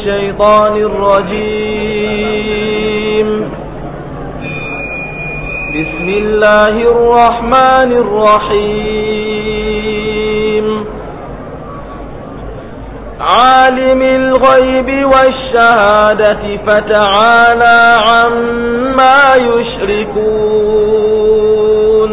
الشيطان الرجيم بسم الله الرحمن الرحيم عالم الغيب والشهادة فتعالى عما يشركون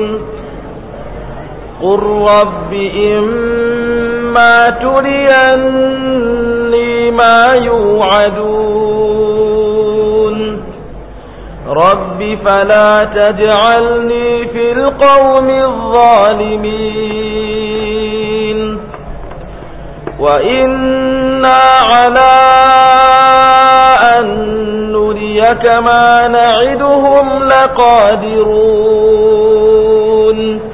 قل رب إما إما تريني ما يوعدون رب فلا تجعلني في القوم الظالمين وإنا على أن نريك ما نعدهم لقادرون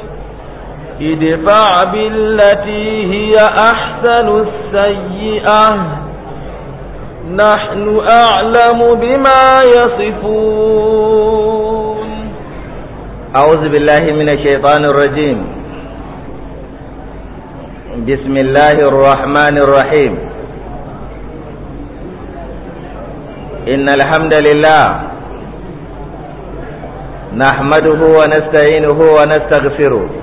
ادفع بالتي هي أحسن السيئة نحن أعلم بما يصفون أعوذ بالله من الشيطان الرجيم بسم الله الرحمن الرحيم إن الحمد لله نحمده ونستعينه ونستغفره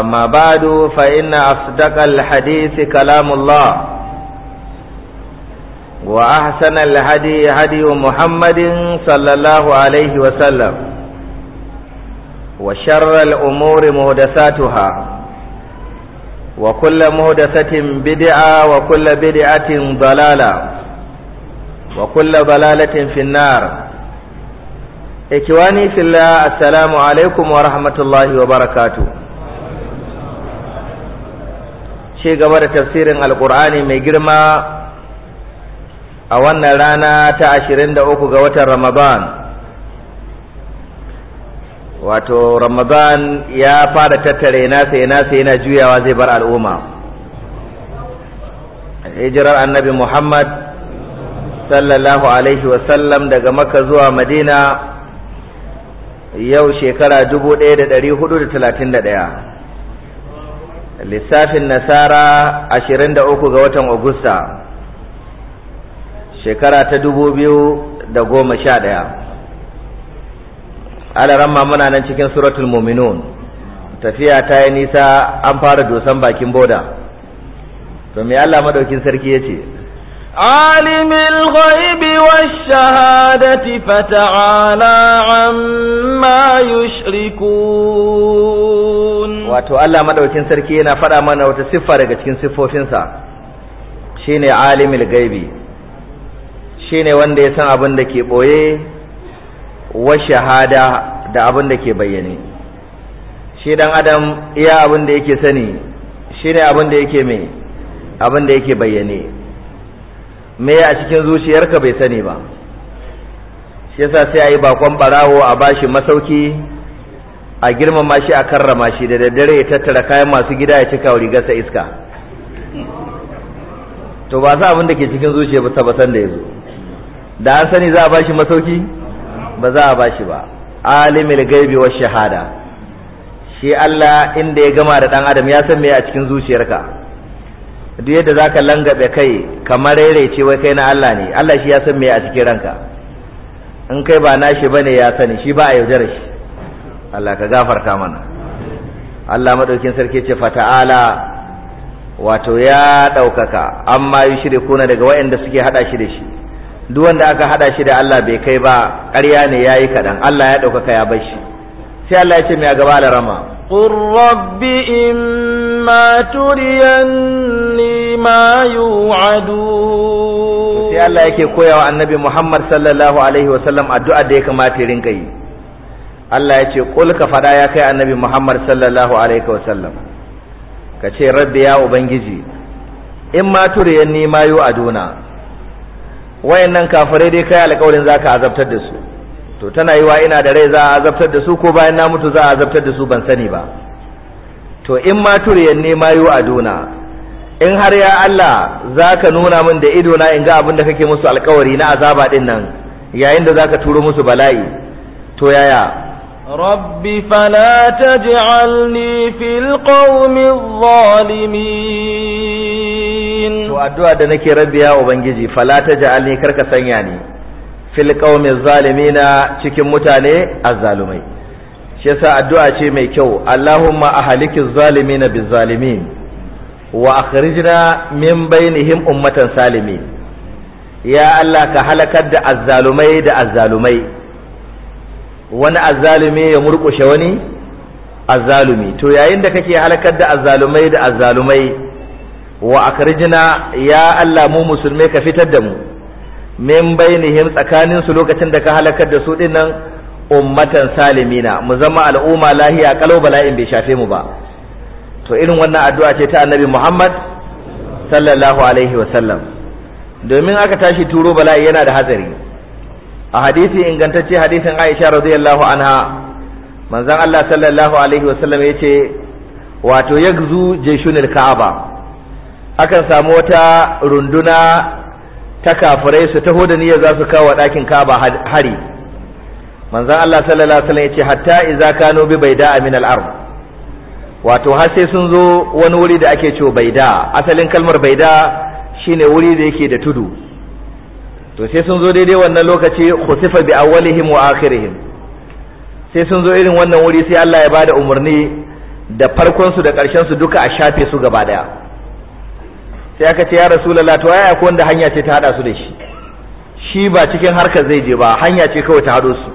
أما بعد فإن أصدق الحديث كلام الله وأحسن الهدي هدي محمد صلى الله عليه وسلم وشر الأمور مهدساتها وكل مهدسة بدعة وكل بدعة ضلالة وكل ضلالة في النار إكواني في الله السلام عليكم ورحمة الله وبركاته ce gaba da tafsirin alkur'ani mai girma a wannan rana ta ashirin da uku ga watan ramadan wato ramadan ya fara tattare nasa ya nasa yana juyawa zai bar al'umma hijirar annabi muhammad sallallahu alaihi wasallam daga maka zuwa madina yau shekara dubu lissafin nasara ashirin da uku ga watan agusta shekara ta da goma sha 2011 alaran muna nan cikin suratul muminun tafiya ta yi nisa an fara dosan bakin boda to mai Allah madaukin sarki ya ce عالم الغيب والشهادة فتعالى عما يشركون واتو الله مدوكين سركي yana faɗa mana wata siffa daga cikin siffofinsa shine alimul gaibi shine wanda ya san abin da ke boye wa shahada da abin da ke bayyane shi dan adam iya abin da yake sani shine abin da yake me abin da yake bayyane me a cikin zuciyarka bai sani ba shi yasa sai a yi bakon barawo a bashi masauki a girmama shi a karrama shi da daddare ya tattara kayan masu gida ya cika rigarsa iska to ba sa abin da ke cikin zuciya ba san da ya zo da an sani za a bashi masauki ba za a bashi ba alimul gaibi wa shahada shi Allah inda ya gama da dan adam ya san me a cikin zuciyarka duk yadda zaka langabe kai kamar rairaice wai kai na Allah ne Allah shi ya san me a cikin ranka in kai ba nashi bane ya sani shi ba a yaudare shi Allah ka gafarta mana Allah madaukin sarki ce fata'ala wato ya ɗaukaka amma yi shirya kuna daga waɗanda suke hada shi da shi duk wanda aka hada shi da Allah bai kai ba ƙarya ne yayi kadan kaɗan Allah ya ɗaukaka ya bar shi sai Allah ya ce me a gaba da rama قل رب إما تريني ما يوعدون sai Allah yake koyawa annabi Muhammad sallallahu alaihi wasallam addu'a da ya kamata rinka yi Allah ya ce qul ka ya kai annabi Muhammad sallallahu alaihi wasallam ka ce rabbi ya ubangiji in ma turiyanni ma aduna wayannan kafirai dai kai alƙawarin zaka azabtar da su to tana yi wa ina da rai za a azabtar da su ko bayan na mutu za a azabtar da su ban sani ba to in ma turiyan ne ma wa aduna in har ya Allah za ka nuna min da ido na in ga abin da kake musu alkawari na azaba din nan yayin da za ka turo musu bala'i to yaya fala رب فلا تجعلني dhalimin to addu'a da nake rabbiya ubangiji fala taj'alni karka sanya ni. fil qaumi zalimina cikin mutane azzalumai shi yasa addu'a ce mai kyau Allahumma ahlikiz zalimina zalimin wa akhrijna min bainihim ummatan salimin ya Allah ka halakar da azzalumai da azzalumai wani azzalumi ya murkushe wani azzalumi to yayin da kake halakar da azzalumai da azzalumai wa akhrijna ya Allah mu musulmai ka fitar da mu min bainihim tsakanin su lokacin da ka halakar da su dinnan ummatan salimina mu zama al'umma lahiya kalau bala'in bai shafe mu ba to irin wannan addu'a ce ta annabi Muhammad sallallahu alaihi wa sallam domin aka tashi turo bala'i yana da hatsari a hadisi ingantacce hadisin Aisha radiyallahu anha manzon Allah sallallahu alaihi wa sallam yace wato yagzu jeshunil ka'aba akan samu wata runduna ta kafirai su taho da niyyar za su kawo wa ɗakin kaba hari manzan Allah sallallahu alaihi wasallam ce hatta idza kanu bi baida min al-ard wato har sai sun zo wani wuri da ake cewa baida asalin kalmar baida shine wuri da yake da tudu to sai sun zo daidai wannan lokaci khusifa bi awwalihim wa akhirihim sai sun zo irin wannan wuri sai Allah ya bada umarni da farkon su da ƙarshen su duka a shafe su gaba daya sai aka ce ya rasu to ai akwai wanda hanya ce ta hada su da shi shi ba cikin harkar zai je ba hanya ce kawai ta hado su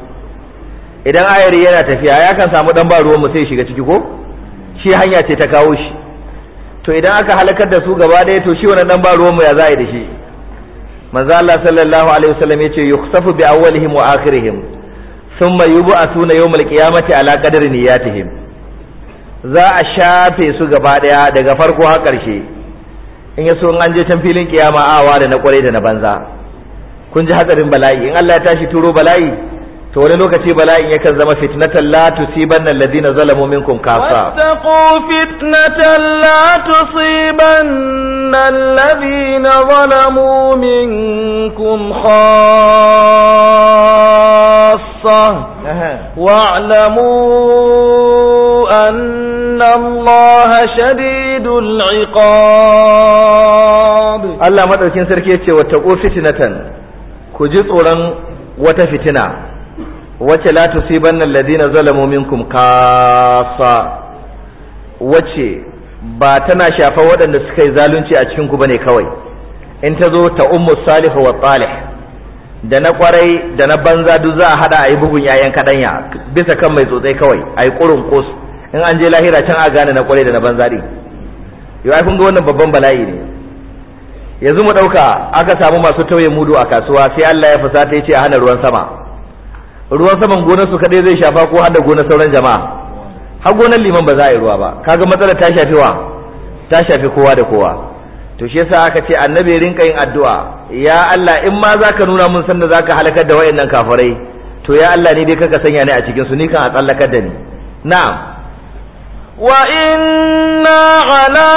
idan ayari yana tafiya ya kan samu dan ba ruwan mu sai shiga ciki ko shi hanya ce ta kawo shi to idan aka halakar da su gaba ɗaya to shi wannan dan ba ruwan mu ya za'i da shi manzo Allah sallallahu alaihi wasallam yace yukhsafu bi awwalihim wa akhirihim thumma ya yawmal qiyamati ala qadri niyyatihim za a shafe su gaba daya daga farko har karshe in ya so in an je can filin kiyama awa da na kwarai da na banza kun ji hatsarin bala'i in Allah ya tashi turo bala'i to wani lokaci bala'in yakan zama fitnatan la tusibanna alladhina zalamu minkum kasa wattaqu fitnatan la tusibanna alladhina zalamu minkum khassa الخاصة واعلموا أن الله شديد العقاب الله ما تركين سركية وتقو فتنة كجد أولا وتفتنة wace la tusibanna alladhina zalamu minkum kaffa wace ba tana shafa waɗanda suka yi zalunci a cikin ku ne kawai in ta zo ta ummu salih wa talih da na kwarai da na banza duk za a hada a yi bugun yayan kadanya bisa kan mai tsotsai kawai a yi kurun kos in an je lahira can a gane na kwarai da na banza din yau kun ga wannan babban bala'i ne yanzu mu ɗauka aka samu masu tauye mudu a kasuwa sai Allah ya fusata ya ce a hana ruwan sama ruwan saman gonar su kadai zai shafa ko hada gonar sauran jama'a har gonar liman ba za a yi ruwa ba kaga matsalar ta shafi wa ta shafi kowa da kowa to shi yasa aka ce annabi rinka yin addu'a ya Allah in ma zaka nuna mun sanda da zaka halakar da wayannan kafirai to ya Allah ne dai kaka sanya ni a cikin su ni kan a tsallakar da ni na'am wa inna ala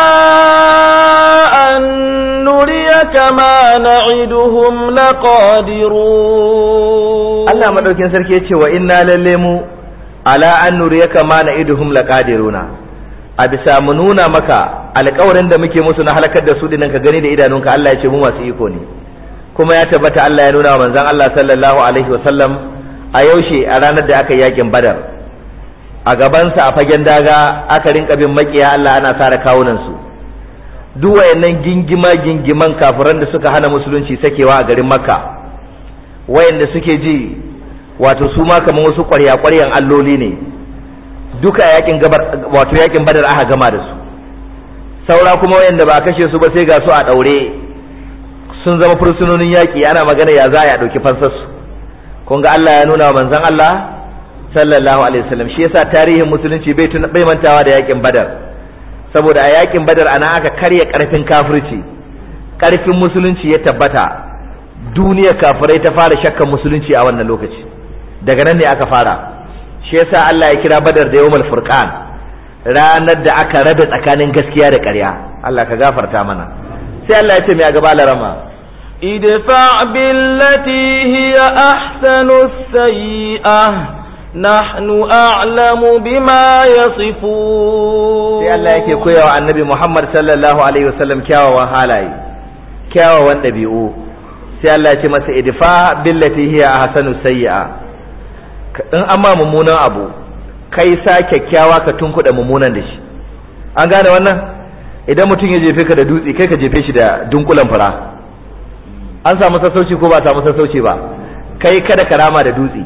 an nuriyaka ma na'iduhum laqadirun Allah madaukin sarki ya ce wa inna lalle mu ala an nuriyaka ma na'iduhum laqadiruna a bisa mu nuna maka alƙawarin da muke musu na halakar da su dinan ka gani da idanunka Allah ya ce mu masu iko ne kuma ya tabbata Allah ya nuna wa manzon Allah sallallahu alaihi wasallam a yaushe a ranar da aka yakin Badar a gabansa a fagen daga aka rinka bin makiya Allah ana sara kawunan su duk wayannan gingima gingiman kafiran da suka hana musulunci sakewa a garin Makka wayanda suke ji wato su ma kamar wasu ƙwarya ƙwaryan alloli ne duka yakin gabar wato yakin badar aka gama da su saura kuma wayanda ba kashe su ba sai ga su a daure sun zama fursunonin yaki ana magana ya za a dauki fansar su kun ga Allah ya nuna wa manzon Allah sallallahu alaihi wasallam shi yasa tarihin musulunci bai bai mantawa da yakin badar saboda a yakin badar ana aka karya karfin kafirci karfin musulunci ya tabbata duniya kafirai ta fara shakkan musulunci a wannan lokaci daga nan ne aka fara shi yasa Allah ya kira badar da yawmul furqan ranar da aka rabe tsakanin gaskiya da ƙarya Allah ka gafarta mana sai Allah ya ce mai gaba larama idfa billati hiya ahsanu sayyi'ah نحن أعلم بما يصفون sai Allah yake koya wa annabi Muhammad sallallahu alaihi wasallam kyawawan halaye kyawawan ɗabi'u sai Allah ya ce masa idfa billati hiya ahsanu sayyi'a in an ma mummunan abu kai sa kyakkyawa ka tunkuɗa mummunan da shi an gane wannan idan mutum ya jefe ka da dutse kai ka jefe shi da dunkulan fura. an samu sassauci ko ba samu sassauci ba kai kada ka rama da dutse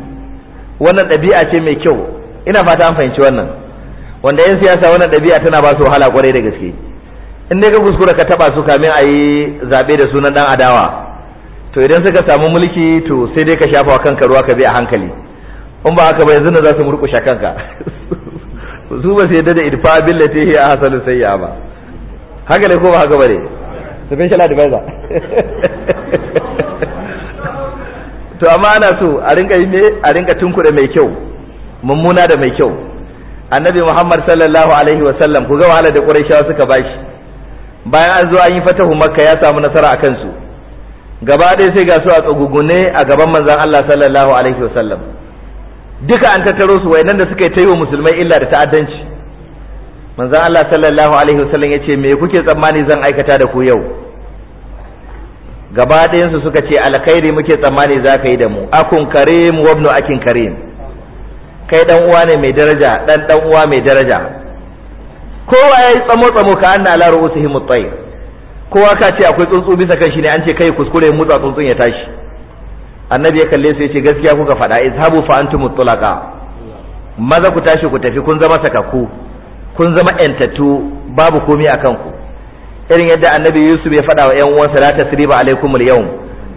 wannan ɗabi'a ce mai kyau ina fata an fahimci wannan wanda yan siyasa wannan ɗabi'a tana ba su wahala kwarai da gaske in dai ka kuskura ka taba su kamin a yi zaɓe da sunan ɗan adawa to idan suka samu mulki to sai dai ka shafa wa kanka ruwa ka bi a hankali in ba haka ba yanzu na za su murkushe kanka su ba su yadda da idfa billati hi ahsanu sayya ba haka ne ko ba haka bane special za. to amma ana so a rinka yi ne a rinka tunkure mai kyau mummuna da mai kyau annabi muhammad sallallahu alaihi wa sallam ku ga wahala da quraishawa suka bashi bayan an zo an yi fatahu makka ya samu nasara a kansu gaba ɗaya sai ga su a tsugugune a gaban manzon Allah sallallahu alaihi wa sallam duka an tattaro su wayannan da suka yi wa musulmai illa da ta'addanci manzon Allah sallallahu alaihi wasallam yace me kuke tsammani zan aikata da ku yau gaba ɗayansu suka ce alkhairi muke tsammani za ka yi da mu akun karim wabnu akin karim kai dan uwa ne mai daraja dan dan uwa mai daraja kowa ya tsamo tsamo ka anna ala ru'usihim at kowa ka ce akwai tsuntsu bisa kan shi ne an ce kai kuskure mutsa tsuntsun ya tashi annabi ya kalle su ya ce gaskiya kuka faɗa izhabu fa antum mutlaqa maza ku tashi ku tafi kun zama sakakku kun zama yantattu babu komi a kanku irin yadda annabi Yusuf ya faɗa wa ƴan uwansa la tasriba alaikumul yawm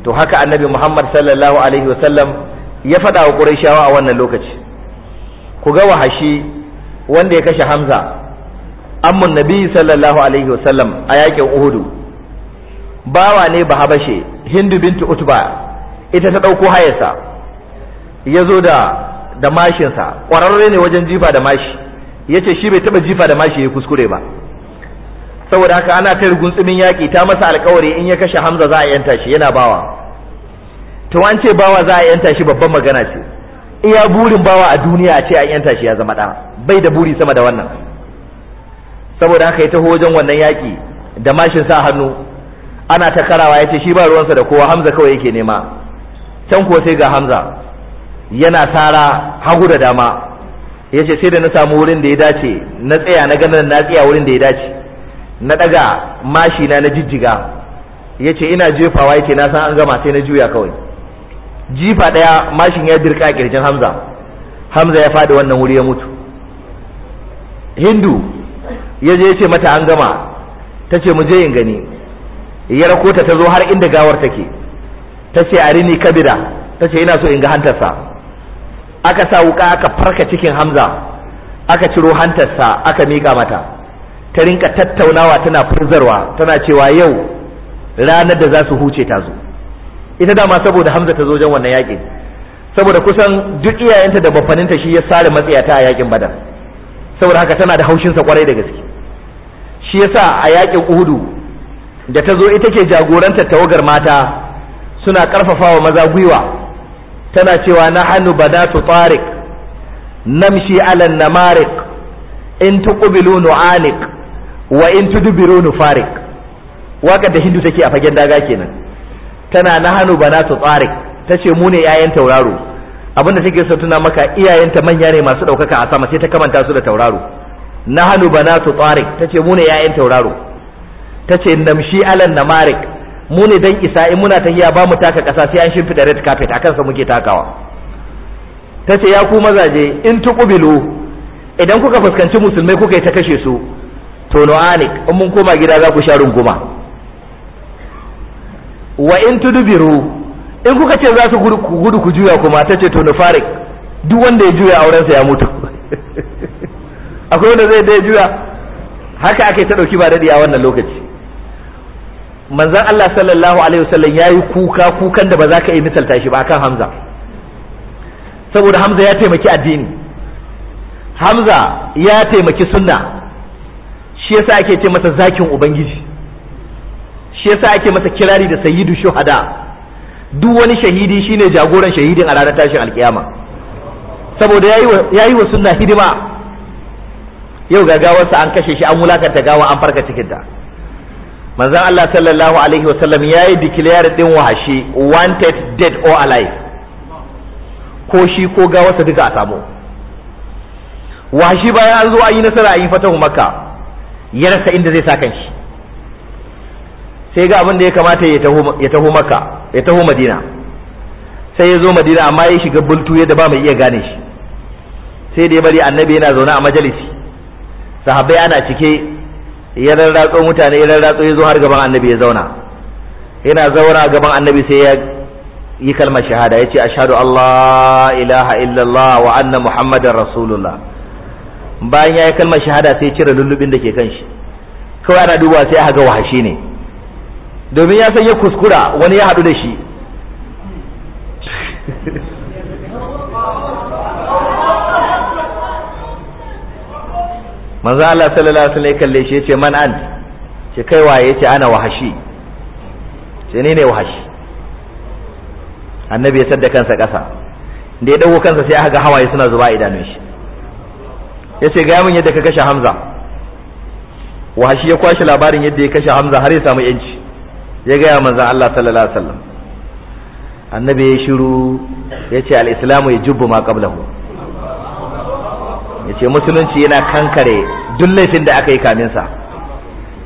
to haka annabi Muhammad sallallahu alaihi wasallam ya faɗa wa quraishawa a wannan lokaci ku ga wahashi wanda ya kashe Hamza ammun nabi sallallahu alaihi wasallam a yakin uhudu bawa ne ba habashe Hindu bintu Utba ita ta ɗauko hayarsa ya zo da da mashinsa ƙwararre ne wajen jifa da mashi ya ce shi bai taɓa jifa da mashi ya kuskure ba saboda haka ana kai gunsumin yaƙi ta masa alƙawari in ya kashe hamza za a yanta shi yana bawa to an ce bawa za a yanta shi babban magana ce iya burin bawa a duniya a ce a yanta shi ya zama ɗa bai da buri sama da wannan saboda haka ya taho wajen wannan yaƙi da mashin sa hannu ana ta karawa ya ce shi ba ruwansa da kowa hamza kawai yake nema can kuwa sai ga hamza yana tara hagu da dama ya ce sai da na samu wurin da ya dace na tsaya na ganin na tsaya wurin da ya dace na daga mashi na na jijjiga ya ce ina jefawa yake na san an gama sai na juya kawai jifa ɗaya mashin ya dirka kirjin hamza hamza ya fadi wannan wuri ya mutu hindu ya je ya ce mata an gama ta ce mu je in gani ya rakota ta zo har inda gawar take ta ce a rini kabira ta ce ina so in ga hantarsa aka sa wuka aka farka cikin hamza aka ciro hantarsa aka miƙa mata ta rinka tattaunawa tana furzarwa tana cewa yau ranar da za su huce ta zo ita dama saboda hamza ta zo wajen wannan yaƙi saboda kusan duk iyayenta da bafaninta shi ya sare matsiyata a yaƙin badar saboda haka tana da haushinsa kwarai da gaske shi yasa a yaƙin uhudu da ta zo ita ke jagorantar tawagar mata suna ƙarfafawa maza gwiwa tana cewa na hannu badatu tariq namshi alan na marik in nu anik wa in nu farik waka da hindu take a fagen daga kenan tana na hannu tsarik ta ce mu ne 'ya'yan tauraro abinda take so tuna maka iyayenta manya ne masu ɗaukaka a sama sai ta kamanta su da tauraro na hannu tsarik ta ce mu ne 'ya'yan tauraro ta tace namshi alan na marik. mu ne dan isa in muna tahiya ba mu taka kasa sai an shimfida red carpet akan sa muke takawa ta ce ya ku mazaje in tuqbilu idan kuka fuskanci musulmai kuka yi ta kashe su to no'anik in mun koma gida za ku sha runguma wa in tudubiru in kuka ce za su gudu ku juya kuma ta ce to nufarik duk wanda ya juya aurensa ya mutu akwai wanda zai daya juya haka ake ta ɗauki ba daɗi a wannan lokaci manzon Allah sallallahu alaihi wasallam yi kuka kukan da ba za ka yi misalta shi ba kan Hamza saboda Hamza ya taimaki addini Hamza ya taimaki sunna shi yasa ake ce masa zakin ubangiji shi yasa ake masa kirari da sayyidu shuhada duk wani shahidi shine jagoran shahidin a ranar tashin alkiyama saboda yi wa sunna hidima yau gagawarsa an kashe shi an wulakanta gawa an farka cikinta. ta manzon Allah sallallahu alaihi wasallam yi declare din wahashi wanted dead or alive ko shi ko gawarsa duka a samu wahashi bayan an zo a yi nasara a yi fatahu makka ya rasa inda zai sa shi. sai ga abin da ya kamata ya taho makka ya taho madina sai ya zo madina amma ya shiga bultu yadda ba mai iya gane shi sai da ya bari annabi yana zaune a majalisi sahabbai ana cike ya rarratso mutane ya rarratso ya zo har gaban annabi ya zauna yana zauna gaban annabi sai ya yi kalmar shahada ya ce shaɗu Allah ilaha illallah wa anna muhammadar rasulullah bayan ya yi kalmar shahada sai cire lullubin da ke kan shi kawai ana duba sai aka ga wahashi ne domin ya san ya kuskura wani ya haɗu da shi manzo Allah sallallahu alaihi wasallam kalle shi yace man an ce kai waye yace ana wahashi ce ne ne wahashi annabi ya sadda kansa ƙasa da ya dauko kansa sai aka ga hawaye suna zuba idanun shi yace ga mun yadda ka kashe Hamza wahashi ya kwashi labarin yadda ya kashe Hamza har ya samu yanci ya ga manzo Allah sallallahu alaihi wasallam annabi ya shiru yace al-islamu yajubbu ma qablahu ya ce musulunci yana kankare duk laifin da aka yi kamin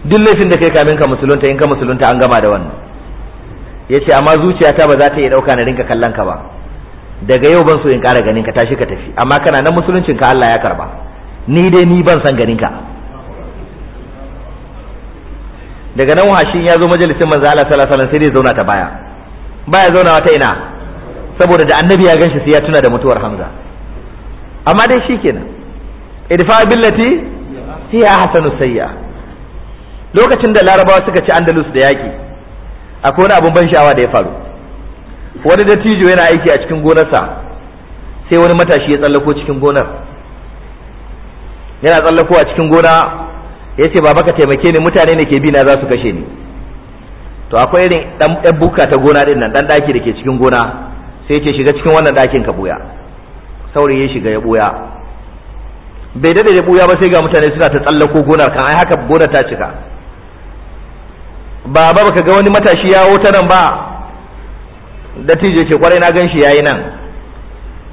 duk laifin da kai kamin ka musulunta in ka musulunta an gama da wannan ya ce amma zuciyata ba za ta iya ɗauka na rinka kallon ka ba daga yau ban so in ƙara ganin ka tashi ka tafi amma kana nan musuluncin ka Allah ya karba ni dai ni ban san ganin ka daga nan wahashin ya zo majalisin manzo Allah sallallahu alaihi wasallam sai zauna ta baya baya zaunawa ta ina saboda da annabi ya ganshi sai ya tuna da mutuwar Hamza amma dai shikenan idfa billati hiya hasanu sayya lokacin da larabawa suka ci andalus da yaki akwai wani abun ban sha'awa da ya faru wani dattijo yana aiki a cikin gonarsa sai wani matashi ya tsallako cikin gonar yana tsallako a cikin gona ya ce baba ka taimake ni mutane ne ke bi na za su kashe ni to akwai irin dan buka ta gona din nan dan daki da ke cikin gona sai ya ce shiga cikin wannan dakin ka buya saurayi ya shiga ya buya bai dade da buya ba sai ga mutane suna ta tsallako gonar kan ai haka gonar ta cika baba baka ga wani matashi ya ta nan ba da tije ce kwarai na gan shi yayi nan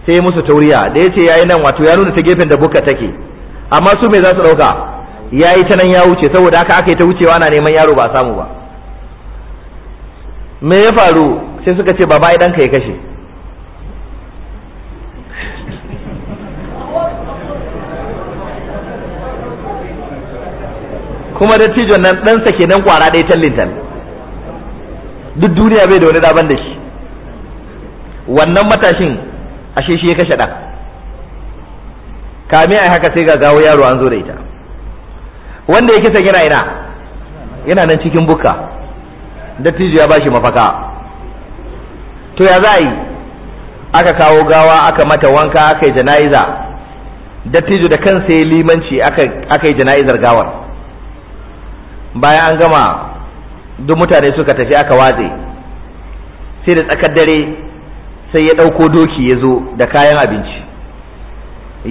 sai musu tauriya da yace yayi nan wato ya nuna ta gefen da buka take amma su me za su dauka yayi ta nan ya wuce saboda haka aka yi ta wucewa ana neman yaro ba samu ba me ya faru sai suka ce baba ai danka ya kashe kuma dattijon nan ɗansa kenan kwara ɗaya tallintan duk duniya bai da wani daban da shi wannan matashin ashe shi ya kashe ɗan kame a haka sai ga gawo yaro an zo da ita wanda ya kisan yana ina yana nan cikin buka dattijo ya bashi mafaka to ya za yi aka kawo gawa aka mata wanka aka yi jana'iza dattijo da kansa ya limanci aka yi jana'izar gawar bayan an gama duk mutane suka tafi aka watse sai da tsakar dare sai ya ɗauko doki ya zo da kayan abinci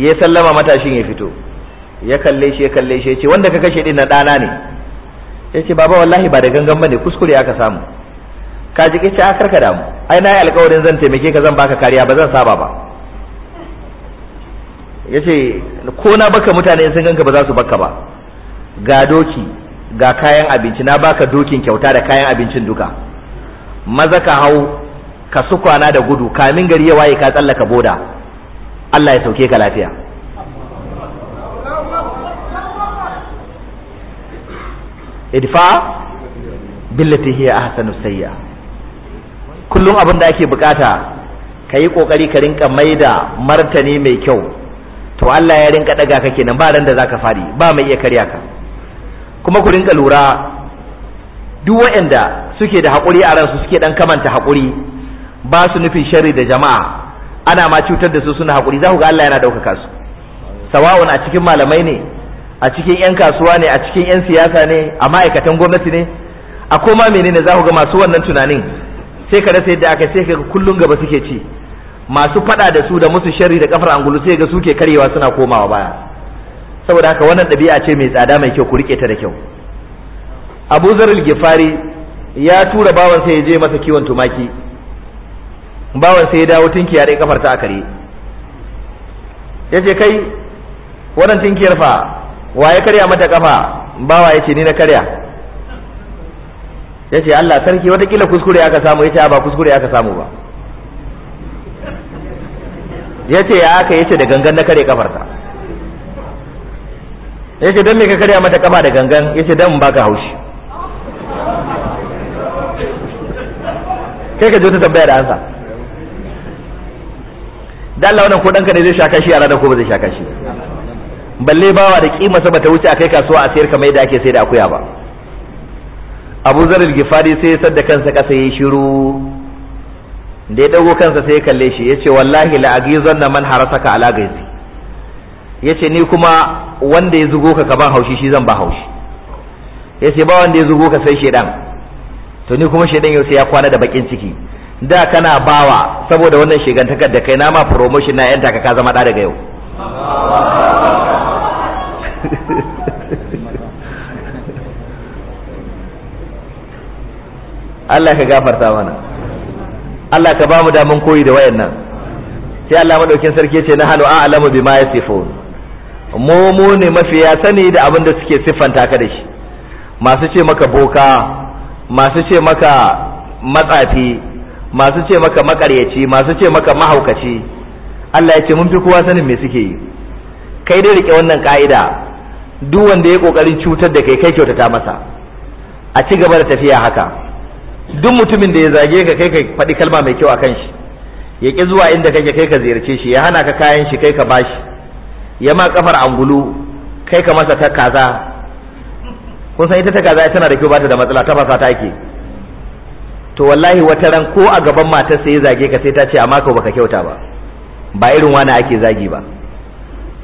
ya sallama matashin ya fito ya kalle shi ya kalle shi ya ce wanda ka kashe ɗin na ɗana ne ya ce baba wallahi ba da gangan bane kuskure aka samu ka ji ce a ah, karka damu ai na yi alkawarin zan taimake ka zan baka kariya ba zan saba ba ya ce ko na baka mutane sun ganka ba za su baka ba ga doki ga kayan abinci na baka dokin kyauta da kayan abincin duka maza ka hau ka kwana da gudu kamin gari ya waye ka tsallaka boda Allah ya sauke ka lafiya idfa billati hiya ahsanu sayya kullum abin da ake bukata ka yi kokari ka rinka maida martani mai kyau to Allah ya rinka daga ka kenan ba ran da zaka fadi ba mai iya karya ka kuma ku rinka lura duk waɗanda suke da haƙuri a ransu suke dan kamanta haƙuri ba su nufin sharri da jama'a ana ma cutar da su suna haƙuri za ku ga Allah yana ɗaukaka su sawa'un a cikin malamai ne a cikin 'yan kasuwa ne a cikin 'yan siyasa ne a ma'aikatan gwamnati ne a koma menene za ku ga masu wannan tunanin sai ka rasa yadda aka sai ka kullum gaba suke ci masu faɗa da su da musu sharri da kafar angulu sai ga suke karyewa suna komawa baya saboda haka wannan ɗabi'a ce mai tsada mai kyau ku rike ta da kyau abu zarar gifari ya tura bawan sai ya je masa kiwon tumaki bawan sai ya dawo ya dai kafar ta akare ya ce kai wannan tinkiyar fa wa ya karya mata kafa bawa ya ce ni na karya ya ce Allah sarki watakila kuskure aka samu ya ce ba kuskure aka samu ba ya ce ya aka ya ce da gangan na kare kafarta yace don me ka karya mata kafa da gangan yace dan baka haushi kai ka je ta tambaya da ansa da Allah wannan ko danka ne zai sha kashi a ranar ko ba zai sha kashi balle bawa da kima sa bata wuce a kai kasuwa a sayar kamar yadda ake sayar da akuya ba Abu Zarul Gifari sai ya sadda kansa kasa yayi shiru da ya dago kansa sai ya kalle shi yace wallahi la agizanna man harasaka ala gaizi yace ni kuma wanda ya zugo ka ka ban haushi shi zan ba haushi yace ba wanda ya zugo ka sai shedan to ni kuma shedan yau sai ya kwana da bakin ciki da kana bawa saboda wannan shigantakar da kai na ma promotion na yanta ka ka zama da daga yau Allah ka gafarta mana Allah ka ba mu damun koyi da wayannan sai Allah madaukin sarki ce na halu a'lamu bima yasifun momo ne mafi ya sani da abin da suke siffanta ka da shi masu ce maka boka masu ce maka matsafi masu ce maka makaryaci masu ce maka mahaukaci Allah ya ce mun fi kowa sanin me suke yi kai dai rike wannan ka'ida duk wanda ya kokarin cutar da kai kai kyautata masa a ci gaba da tafiya haka duk mutumin da ya zage ka kai ka faɗi kalma mai kyau akan shi ya ƙi zuwa inda kake kai ka ziyarce shi ya hana ka kayan shi kai ka bashi ya ma kafar angulu kai ka masa ta kaza kun san ita ta kaza tana da kyau ba ta da matsala ta fasa ta ke. to wallahi wata ran ko a gaban matar sai ya zage ka sai ta ce amma ka baka kyauta ba ba irin wani ake zagi ba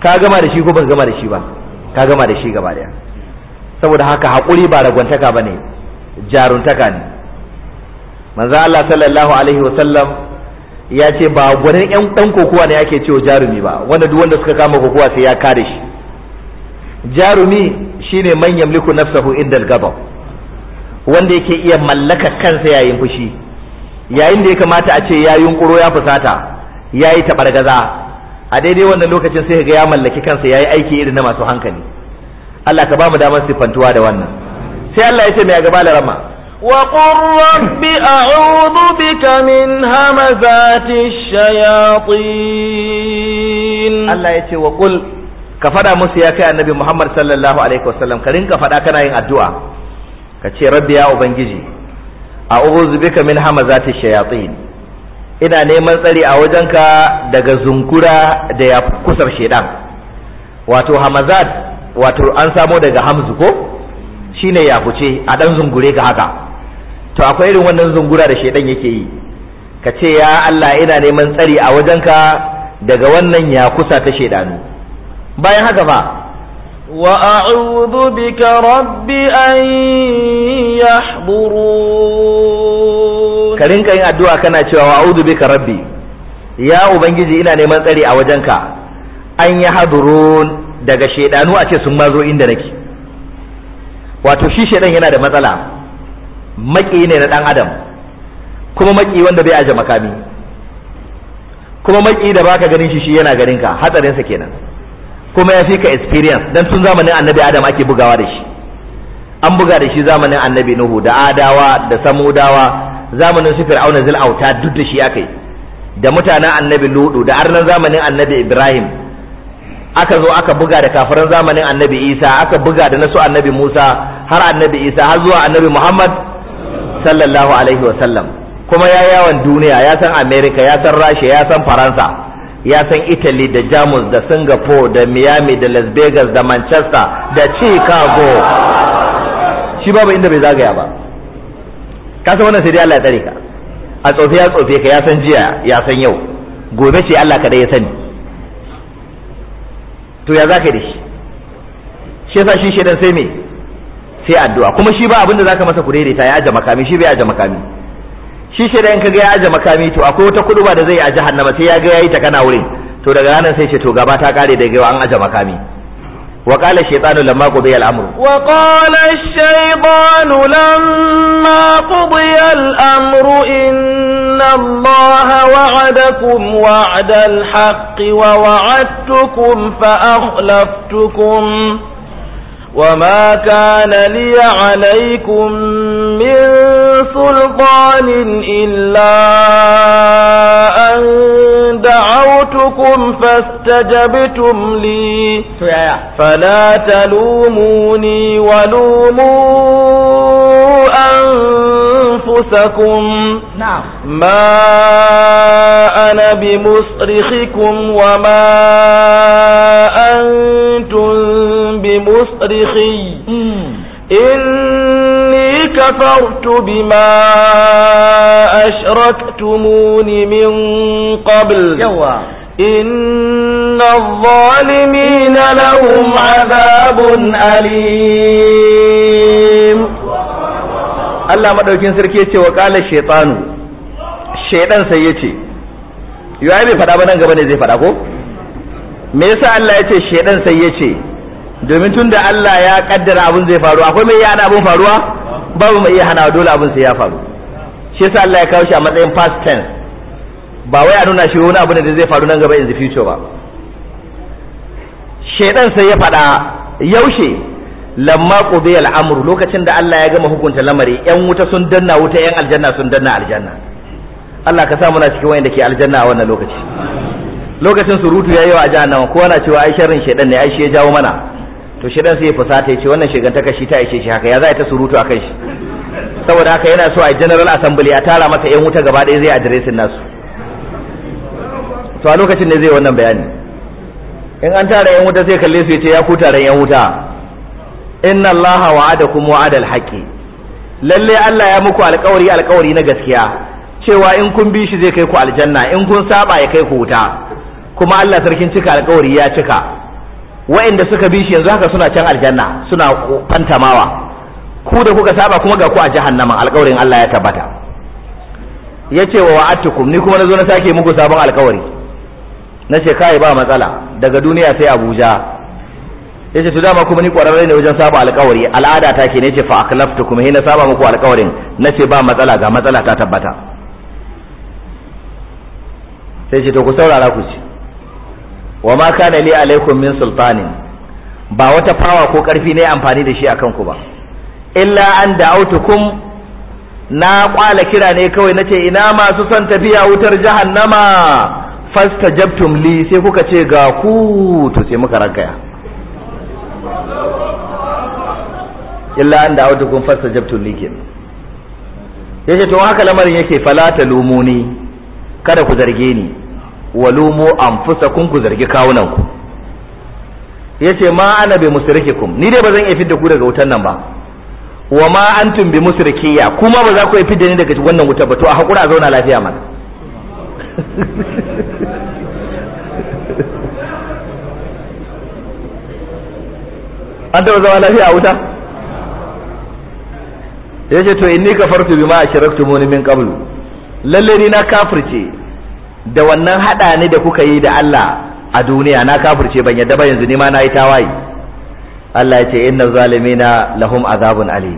ka gama da shi ko baka gama da shi ba ka gama da shi gaba daya saboda haka hakuri ba ragwantaka bane jaruntaka ne manzo Allah sallallahu alaihi wasallam ya ce ba gwanin yan ɗan kokowa ne ake cewa jarumi ba wanda duk wanda suka kama kokowa sai ya kare shi jarumi shine man yamliku nafsahu inda al wanda yake iya mallaka kansa yayin fushi yayin da ya kamata a ce ya yunkuro ya fusata yayi yi tabargaza a daidai wannan lokacin sai ga ya mallaki kansa ya yi aiki irin na masu hankali Allah ka ba mu damar siffantuwa da wannan sai Allah ya ce mai gaba gaba rama. وقل رب أعوذ بك من همزات الشياطين الله يتي وقل كفدا مسيا كي النبي محمد صلى الله عليه وسلم كرين كفدا كان ين الدعاء كتي ربي يا أبنجي أعوذ بك من همزات الشياطين ina neman tsari a wajenka daga zunkura da ya kusar shedan wato hamazat wato an samo daga hamzu ko shine ya fice a dan zungure ga haka to akwai irin wannan zungura da shaidan yake yi ka ce ya Allah ina neman tsari a wajenka daga wannan ya kusa ta shaidanu bayan haka ba wa a'udhu bika rabbi an yahdurun ka rinka yin addu'a kana cewa wa a'udhu bika rabbi ya ubangiji ina neman tsari a wajenka an yahdurun daga shaidanu a ce sun mazo inda nake wato shi shaidan yana da matsala maki ne na dan adam kuma maki wanda bai aje makami kuma maki da baka ganin shi shi yana ganin ka hatsarin sa kenan kuma ya fi ka experience dan tun zamanin annabi adam ake bugawa da shi an buga da shi zamanin annabi nuhu da adawa da samudawa zamanin su fir'auna zil auta duk da shi akai da mutanen annabi ludu da arnan zamanin annabi ibrahim aka zo aka buga da kafiran zamanin annabi isa aka buga da nasu annabi musa har annabi isa har zuwa annabi muhammad sallallahu alaihi wasallam kuma ya yawon duniya ya san america ya san rasha ya san faransa ya san italy da jamus da singapore da miami da las vegas da manchester da chicago shi babu inda bai zagaya ba ka san wannan sai dai Allah ya tsare ka a tsofe ya tsofe ka ya san jiya ya san yau gobe ce Allah ka dai ya sani to ya zaka da shi shi yasa shi shedan sai me sai addu'a kuma shi ba abin da zaka masa ku daidaita ya aje makami shi bai aje makami shi shi da in kaga ya aje makami to akwai wata kuduba da zai aje hannama sai ya ga yayi ta kana wurin to daga ranar sai ce to gaba ta kare daga yau an aje makami وقال الشيطان amru قضي الأمر وقال الشيطان لما قضي الأمر إن الله وعدكم وعد الحق ووعدتكم فأخلفتكم وما كان لي عليكم من سلطان إلا أن دعوتكم فاستجبتم لي آية. فلا تلوموني ولوموا أنفسكم نعم. ما أنا بمصرخكم وما أنتم بمصرخكم الشيخي إني كفرت بما أشركتمون من قبل يوا إن Allah madaukin sarki ya ce wa kala shaitanu shaitan sai ya ce yayi bai fada ba nan gaba ne zai fada ko me yasa Allah ya ce shaitan sai ya ce domin tun da Allah ya kaddara abin zai faru akwai mai yana abin faruwa babu mai iya hana dole abin sai ya faru shi yasa Allah ya kawo shi a matsayin past tense ba wai a nuna shi wani abu ne da zai faru nan gaba in the future ba shedan sai ya faɗa yaushe lamma qudiya al'amru lokacin da Allah ya gama hukunta lamari yan wuta sun danna wuta yan aljanna sun danna aljanna Allah ka sa muna cikin wayanda ke aljanna a wannan lokaci lokacin surutu ya yi wa a jahannama kowa na cewa ai sharrin shedan ne aishi ya jawo mana to shedan sai ya fusata ya ce wannan shigantaka shi ta ishe shi haka ya za ta surutu akan shi saboda haka yana so a general assembly a tara masa yan wuta gaba ɗaya zai adiresin nasu to a lokacin ne zai wannan bayani in an tara yan wuta sai kalle su ya ce ya ku taron yan wuta inna allaha wa'adakum wa'adal haqqi lalle Allah ya muku alƙawari alƙawari na gaskiya cewa in kun bi shi zai kai ku aljanna in kun saba ya kai ku wuta kuma Allah sarkin cika alƙawari ya cika wa'inda suka bi shi yanzu haka suna can aljanna suna fantamawa ku da kuka saba kuma ga ku a jahannama alƙawarin Allah ya tabbata ya ce wa wa'atukum ni kuma nazo na sake muku sabon alƙawari ce kai ba matsala daga duniya sai Abuja ya ce to dama kuma ni ƙwararre ne wajen saba alƙawari al'ada ta ke ne ce fa kuma hina saba muku alƙawarin ce ba matsala ga matsala ta tabbata sai ce to ku saurara ku ci wa ma kana li alaikum min sultanin ba wata fawa ko karfi ne amfani da shi akan ku ba illa an da'autukum na kwala kira ne kawai nace ina masu son tafiya wutar jahannama fastajabtum li sai kuka ce ga ku to sai muka rankaya illa an da'autukum fastajabtum li kin yace to haka lamarin yake fala talumuni kada ku zarge ni walumu anfusakum ku zargi kawunanku yace ma ana bi kum. ni dai bazan iya fidda ku daga wutan nan ba wa ma antum bi musrikiya kuma ba za ku iya fidda ni daga wannan wutar ba to a hakura a zauna lafiya mana an taɓa zama lafiya a wuta yace to inni kafartu bima ashraktumuni min qablu lalle ni na kafirce da wannan hada ne da kuka yi da Allah a duniya na kafirce ban yadda ba yanzu nima na yi tawayi Allah ya ce inna zalimina lahum azabun Ali,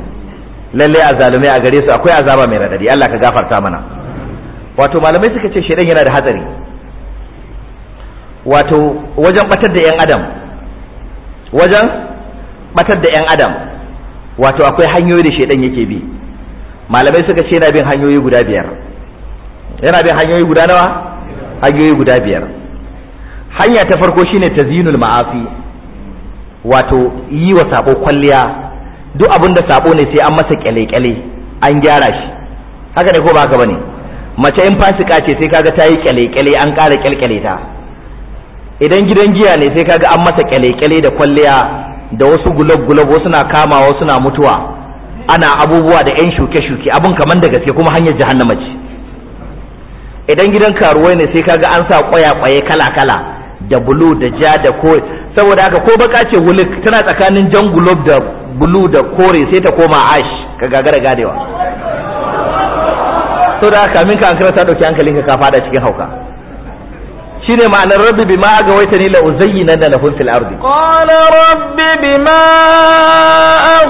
lalle azalumai a gare su akwai azaba mai radadi Allah ka gafarta mana wato malamai suka ce shedan yana da hatsari wato wajen batar da yan adam wajen batar da yan adam wato akwai hanyoyi da shedan yake bi malamai suka ce yana bin hanyoyi guda biyar yana bin hanyoyi guda nawa hanyoyi guda biyar hanya ta farko shine zinul ma'afi wato yi wa sabo kwalliya duk abin da sabo ne sai an masa kyale-kyale an gyara shi haka ne ko ba haka bane mace in fasika ce sai kaga ta yi kyale-kyale an ƙara kyalkyale ta idan gidan giya ne sai kaga an masa kyale-kyale da kwalliya da wasu gulab-gulab wasu na kamawa wasu na mutuwa ana abubuwa da 'yan shuke-shuke abin kamar da gaske kuma hanyar jahannama ce idan gidan karuwai ne sai kaga an sa kwaya-kwaye kala-kala da bulu da ja da kore saboda haka ko baka ce wulik tana tsakanin jan gulob da bulu da kore sai ta koma ash ka gagara gadewa saboda haka min ka an karanta dauki hankalinka ka fada cikin hauka shine ma'anar rabbi bima ga waita ni la uzayyina na lahum fil ardi qala rabbi bima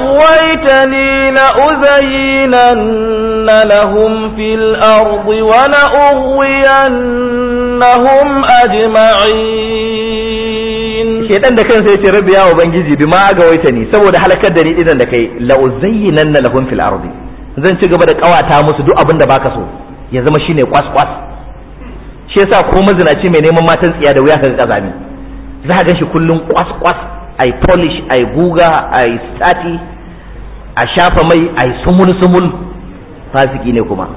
أغويتني لأزينن لهم في الأرض ولأغوينهم أجمعين shedan da kansa yace rabbi ya ubangiji bi ma gawaita ni saboda halakar da ni idan da kai la uzayyinanna fil zan ci gaba da kawata musu duk abin da baka so ya zama shine kwas kwas shi yasa ko mazinaci mai neman matan tsiya da wuya kaga kazami za ka ganshi kullun kwas kwas ai polish ai guga ai sati a shafa mai a yi sumul sumul fasiki ne kuma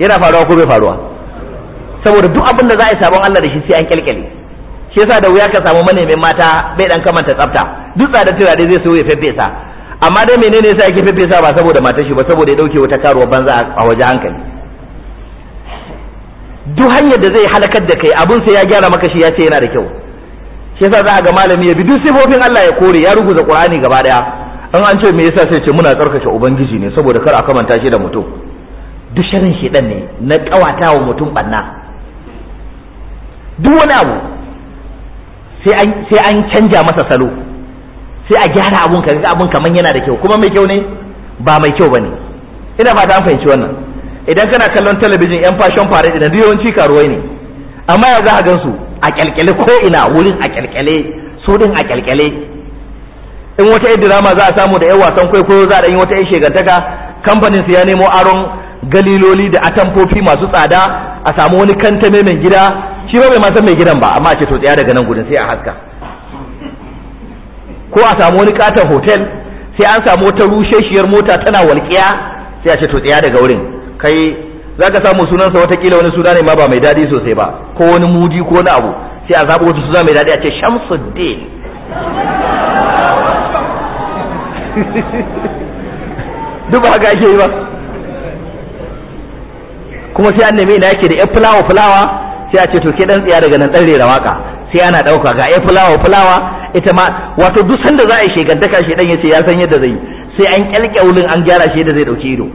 yana faruwa ko bai faruwa saboda duk abin da za a yi sabon Allah da shi sai an kyalkyale shi yasa da wuya ka samu manemin mata bai dan kamanta tsafta duk tsada turare zai so ya feffesa amma dai menene yasa yake feffesa ba saboda matar shi ba saboda ya dauke wata karuwa banza a waje hankali duk hanyar da zai halakar da kai abun sai ya gyara maka shi ya ce yana da kyau shi yasa za a ga malami ya bi duk sifofin Allah ya kore ya ruguza Qur'ani gaba daya an an ce me yasa sai ce muna tsarkake ubangiji ne saboda kar a kamanta shi da mutum duk sharin dan ne na kawata wa mutum banna duk wani abu sai an canja masa salo sai a gyara abun ka ga abun kaman yana da kyau kuma mai kyau ne ba mai kyau bane ina fata an fahimci wannan idan kana kallon talabijin yan fashon fare da yawanci karuwai ne amma yanzu a gan su a kyalkyale ko ina wurin a kyalkyale su din a kyalkyale in wata yar rama za a samu da yan wasan kwaikwayo za a yi wata 'yan shegantaka kamfanin su ya nemo aron galiloli da atamfofi masu tsada a samu wani kantame mai gida shi ba bai ma san mai gidan ba amma a ce to tsaya daga nan gudun sai a haska ko a samu wani katon hotel sai an samu wata rushe-shiyar mota tana walƙiya sai a ce to tsaya daga wurin kai za ka samu sunansa watakila wani suna ne ma ba mai daɗi sosai ba ko wani muji ko wani abu sai a zaɓi wata suna mai daɗi a ce shamsuddin duk ba haka ake yi ba kuma sai an nemi ina yake da 'yan fulawa fulawa sai a ce to ke dan tsiya daga nan dan rera waka sai ana dauka ga 'yan fulawa fulawa ita ma wato duk sanda za a yi shegantaka shi dan yace ya san yadda zai sai an kyalkyaulin an gyara shi yadda zai dauki ido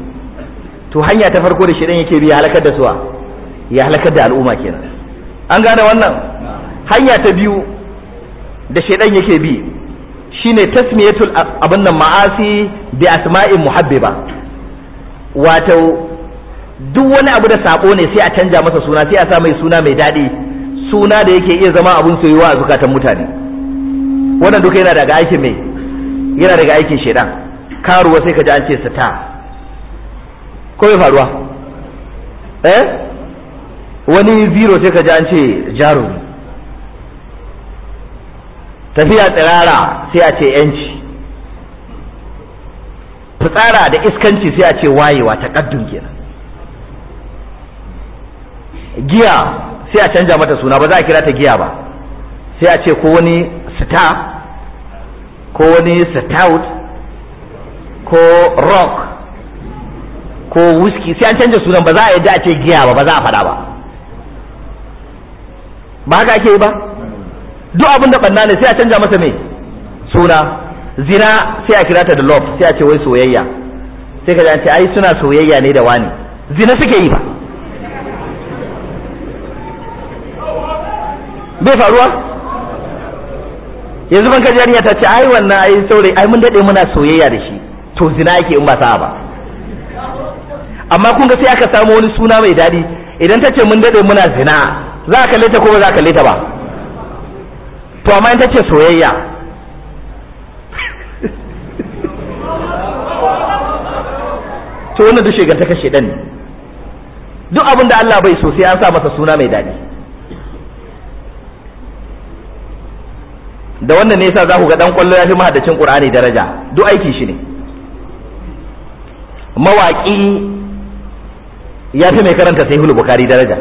to hanya ta farko da shi dan yake bi ya halakar da suwa ya halakar da al'umma kenan an gane wannan hanya ta biyu da shedan yake bi shine tasmiyatul abin nan ma'asi bi asma'in muhabbiba wato duk wani abu da sako ne sai a canja masa suna sai a sa mai suna mai daɗi suna da yake iya zama abun soyuwa a zukatan mutane wannan duka yana daga aikin mai yana daga aikin shedan karuwa sai ka ji an ce sata ko bai faruwa eh wani zero sai ka ji an ce jarumi tafiya tsirara sai a ce yanci fitsara da iskanci sai a ce wayewa ta kaddun kenan giya sai a canja mata suna ba za a kira ta giya ba sai a ce ko wani sita ko wani stout ko rock ko whisky sai an canja sunan ba za a yadda a ce giya ba ba za a faɗa ba ba haka ake yi ba duk abin da banna ne sai a canja masa mai suna zina sai a kira ta da love sai a ce wai soyayya sai ka ce ai suna soyayya ne da wani zina suke yi ba bai faruwa yanzu ban kaji ta ce ai wannan ai saurayi ai mun dade muna soyayya da shi to zina yake in ba sa'a ba amma kun ga sai aka samu wani suna mai daɗi idan ta ce mun daɗe muna zina za ka kalle ta ko ba za ka kalle ta ba to amma in ta ce soyayya to wannan duk shiga ta kashe dan ne duk abin da Allah bai so sai an sa masa suna mai daɗi da wannan ne yasa za ku ga dan kwallo ya fi mahaddacin Qur'ani daraja duk aiki shi ne mawaki ya fi mai karanta sai sahihul bukari daraja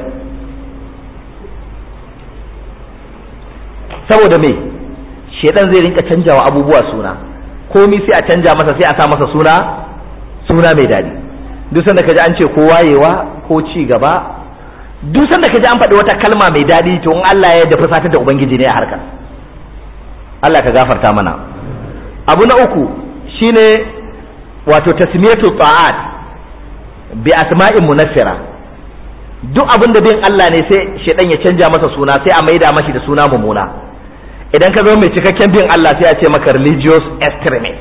saboda me shedan zai rinka canjawa abubuwa suna komi sai a canja masa sai a sa masa suna suna mai daɗi duk sanda kaji an ce ko wayewa ko ci gaba duk sanda kaji an faɗi wata kalma mai daɗi to in Allah ya dafa satar da ubangiji ne a harkar Allah ka gafarta mana abu na uku shine wato tasmiyatu ta'at bi asma'in munaffira duk abin da bin Allah ne sai shedan ya canja masa suna sai a maida mashi da suna mumuna idan ka zo mai cikakken bin Allah sai a ce maka religious extremist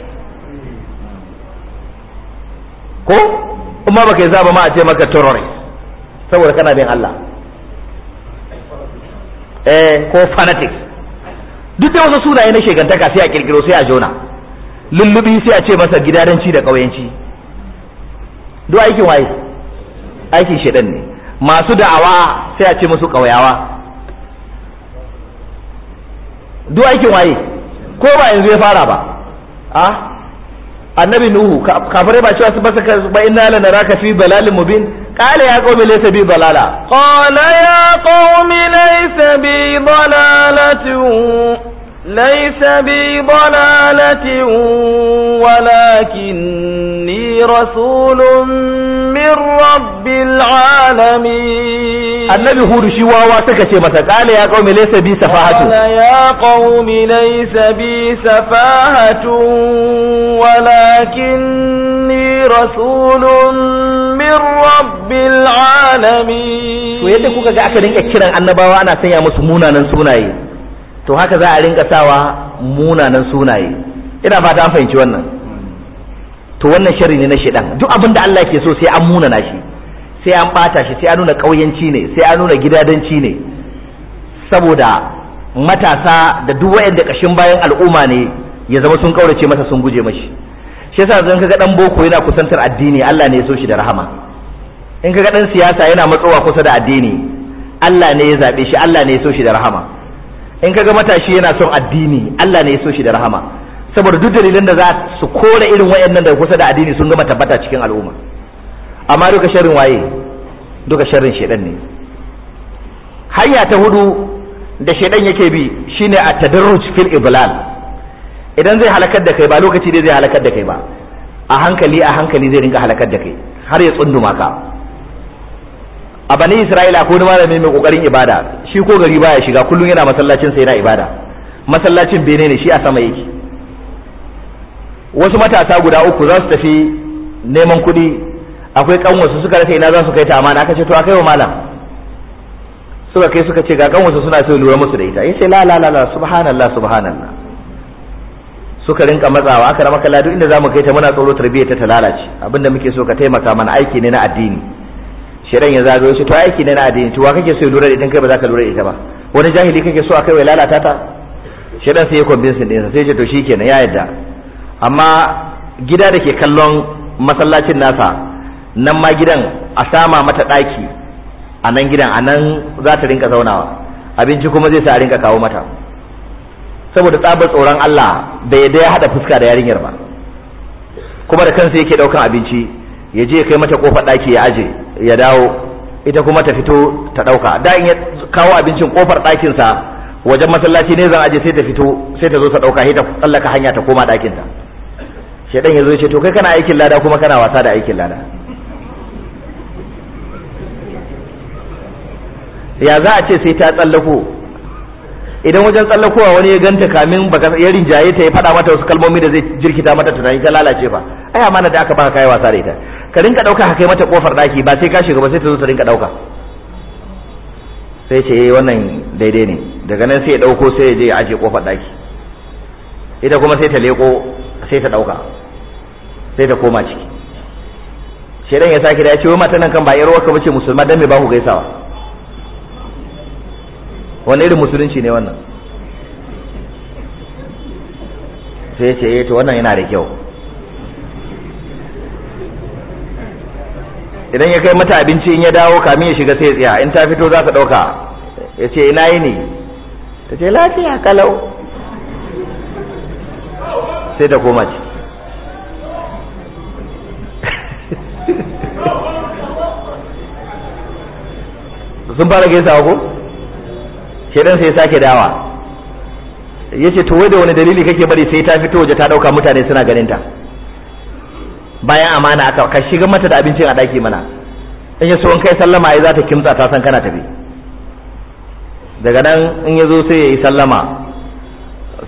ko kuma baka yi zaba ma a ce maka terrorist saboda kana bin Allah eh ko fanatic duk da wasu sunaye na shegantaka sai a kirkiro sai a jona lullubi sai a ce masa gidadanci da ƙauyenci duk aikin waye aikin shedan ne masu da'awa sai a ce musu ƙauyawa duk aikin waye ko ba yanzu ya fara ba a annabi nuhu kafirai ba cewa su ba saka ba inna la naraka fi balalin mubin qala ya qaumi laysa bi balala qala ya qaumi laysa bi balalatin ليس بي ضلالة ولكني رسول من رب العالمين النبي هود شي واوا تكتي متى قال يا قوم ليس بي سفاهة قال يا قوم ليس بي سفاهة ولكني رسول من رب العالمين to yadda kuka ga aka rinka kiran annabawa ana sanya musu munanan sunaye to haka za a rinka sawa munanan sunaye ina fata an fahimci wannan to wannan shari ne na shedan duk abin da Allah ke so sai an munana shi sai an bata shi sai an nuna kauyanci ne sai an nuna gidadanci ne saboda matasa da duk wayanda kashin bayan al'umma ne ya zama sun kaurace masa sun guje mashi shi yasa zan kaga dan boko yana kusantar addini Allah ne ya so shi da rahama in kaga dan siyasa yana matsowa kusa da addini Allah ne ya zabe shi Allah ne ya so shi da rahama in kaga matashi yana son addini Allah ne ya so shi da rahama saboda duk dalilan da za su kore irin wayannan da kusa da addini sun gama tabbata cikin al'umma amma duka sharrin waye duka sharrin shedan ne hanya ta hudu da shedan yake bi shine a tadarruj fil iblal idan zai halakar da kai ba lokaci dai zai halakar da kai ba a hankali a hankali zai rinka halakar da kai har ya tsunduma ka a bani isra'ila ko malami mai kokarin ibada shi ko gari baya shiga kullum yana masallacin sai yana ibada masallacin bene ne shi a sama yake wasu matasa guda uku za su tafi neman kuɗi akwai kanwarsu suka rasa ina za su kai ta amana aka ce to akai wa malam suka kai suka ce ga kanwarsu suna so lura musu da ita yace la la la la subhanallah subhanallah suka rinka matsawa aka rama kallado inda zamu kai ta muna tsoro tarbiyyar ta lalace abinda muke so ka taimaka mana aiki ne na addini shirin ya zagayo shi to aiki ne na addini to wa kake so ya lura da idan kai ba za ka lura da ita ba wani jahili kake so a kai wai lalata ta shirin sai ya convince din sai ya to shikenan ya yadda amma gida da ke kallon masallacin nasa nan ma gidan a sama mata daki a nan gidan a nan za ta rinka zaunawa abinci kuma zai sa a rinka kawo mata saboda tsabar tsoron Allah bai da ya hada fuska da yarinyar ba kuma da kansa yake daukan abinci ya je kai mata kofar ɗaki ya aje ya dawo ita kuma ta fito ta ɗauka da in ya kawo abincin kofar ɗakinsa wajen masallaci ne zan aje sai ta fito sai ta zo ta ɗauka sai ta tsallaka hanya ta koma ɗakinta shaidan ya zo ce to kai kana aikin lada kuma kana wasa da aikin lada ya za a ce sai ta tsallako idan wajen tsallakowa wani ya ganta kamin baka ya rinjaye ta ya faɗa mata wasu kalmomi da zai jirkita mata tunani ta lalace fa ai amana da aka baka kai wasa da ita ka rinka dauka kai mata kofar daki ba sai ka shiga ba sai ta zo ta rinka dauka sai ce eh wannan daidai ne daga nan sai ya dauko sai ya je ya aje kofar daki ita kuma sai ta leko sai ta dauka sai ta koma ciki shedan ya sake da ya ce wai matan nan kan ba yar waka bace musulma dan me ba ku gaisawa wannan irin musulunci ne wannan sai ya ce eh to wannan yana da kyau idan ya kai mata abinci in ya dawo kamin ya shiga sai tsaya in ta fito za ta ɗauka ya ce ina yi ne ta ce lafiya kalau sai ta koma ci sun fara gaisa ku shedan sai sake dawa ya ce to wai da wani dalili kake bari sai ta fito waje ta ɗauka mutane suna ganinta. ta bayan amana aka ka shiga mata da abincin a daki mana in ya so in kai sallama ai za ta kimtsa ta san kana tafi daga nan in ya zo sai ya yi sallama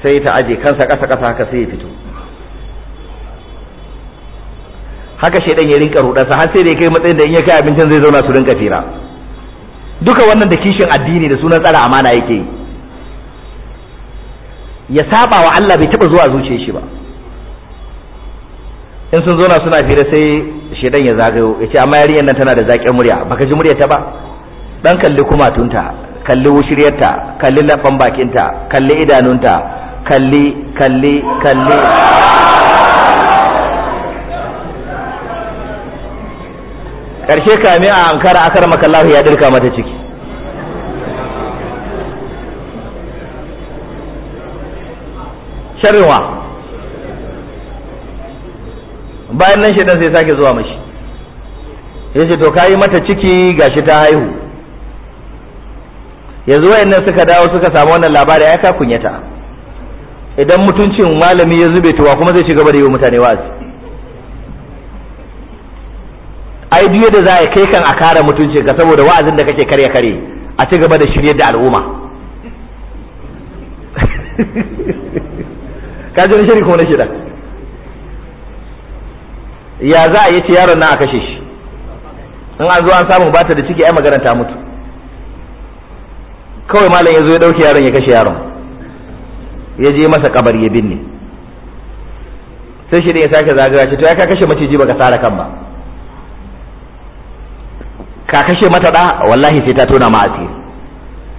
sai ta aje kansa kasa kasa haka sai ya fito haka shaidan ya rinka rudarsa har sai da ya kai matsayin da in ya kai abincin zai zauna su rinka fira duka wannan da kishin addini da sunan tsara amana yake ya saba wa Allah bai taba zuwa zuciyar shi ba in sun zauna suna fira sai shedan ya zagayo ya ce amma yarinyar nan tana da zakin murya baka ji murya ta ba dan kalli kumatunta kalli wushiryarta kalli laɓan bakinta kalli idanunta kalli kalli kalli karshe kame a ankara akar makallahu ya dirka mata ciki sharriwa bayan nan shaidan sai sake zuwa mashi ya ce to ka yi mata ciki gashi ta haihu yanzu wayannan suka dawo suka samu wannan labari ya ka kunyata idan mutuncin malami ya zube tuwa kuma zai ci gaba da yi wa mutane wa'azi ai duk da za a kai kan a kare mutuncin ka saboda wa'azin da kake karya kare a ci gaba da shirye da al'umma ka ji na ko na shida ya za a yi ce yaron nan a kashe shi in an zo an samu bata da ciki ai magana ta mutu kawai malam ya zo ya dauke yaron ya kashe yaron ya je masa kabar ya binne sai shi ne ya sake zagaya ce to ya ka kashe maciji baka tsara kan ba ka kashe mata da wallahi sai ta tona ma asiri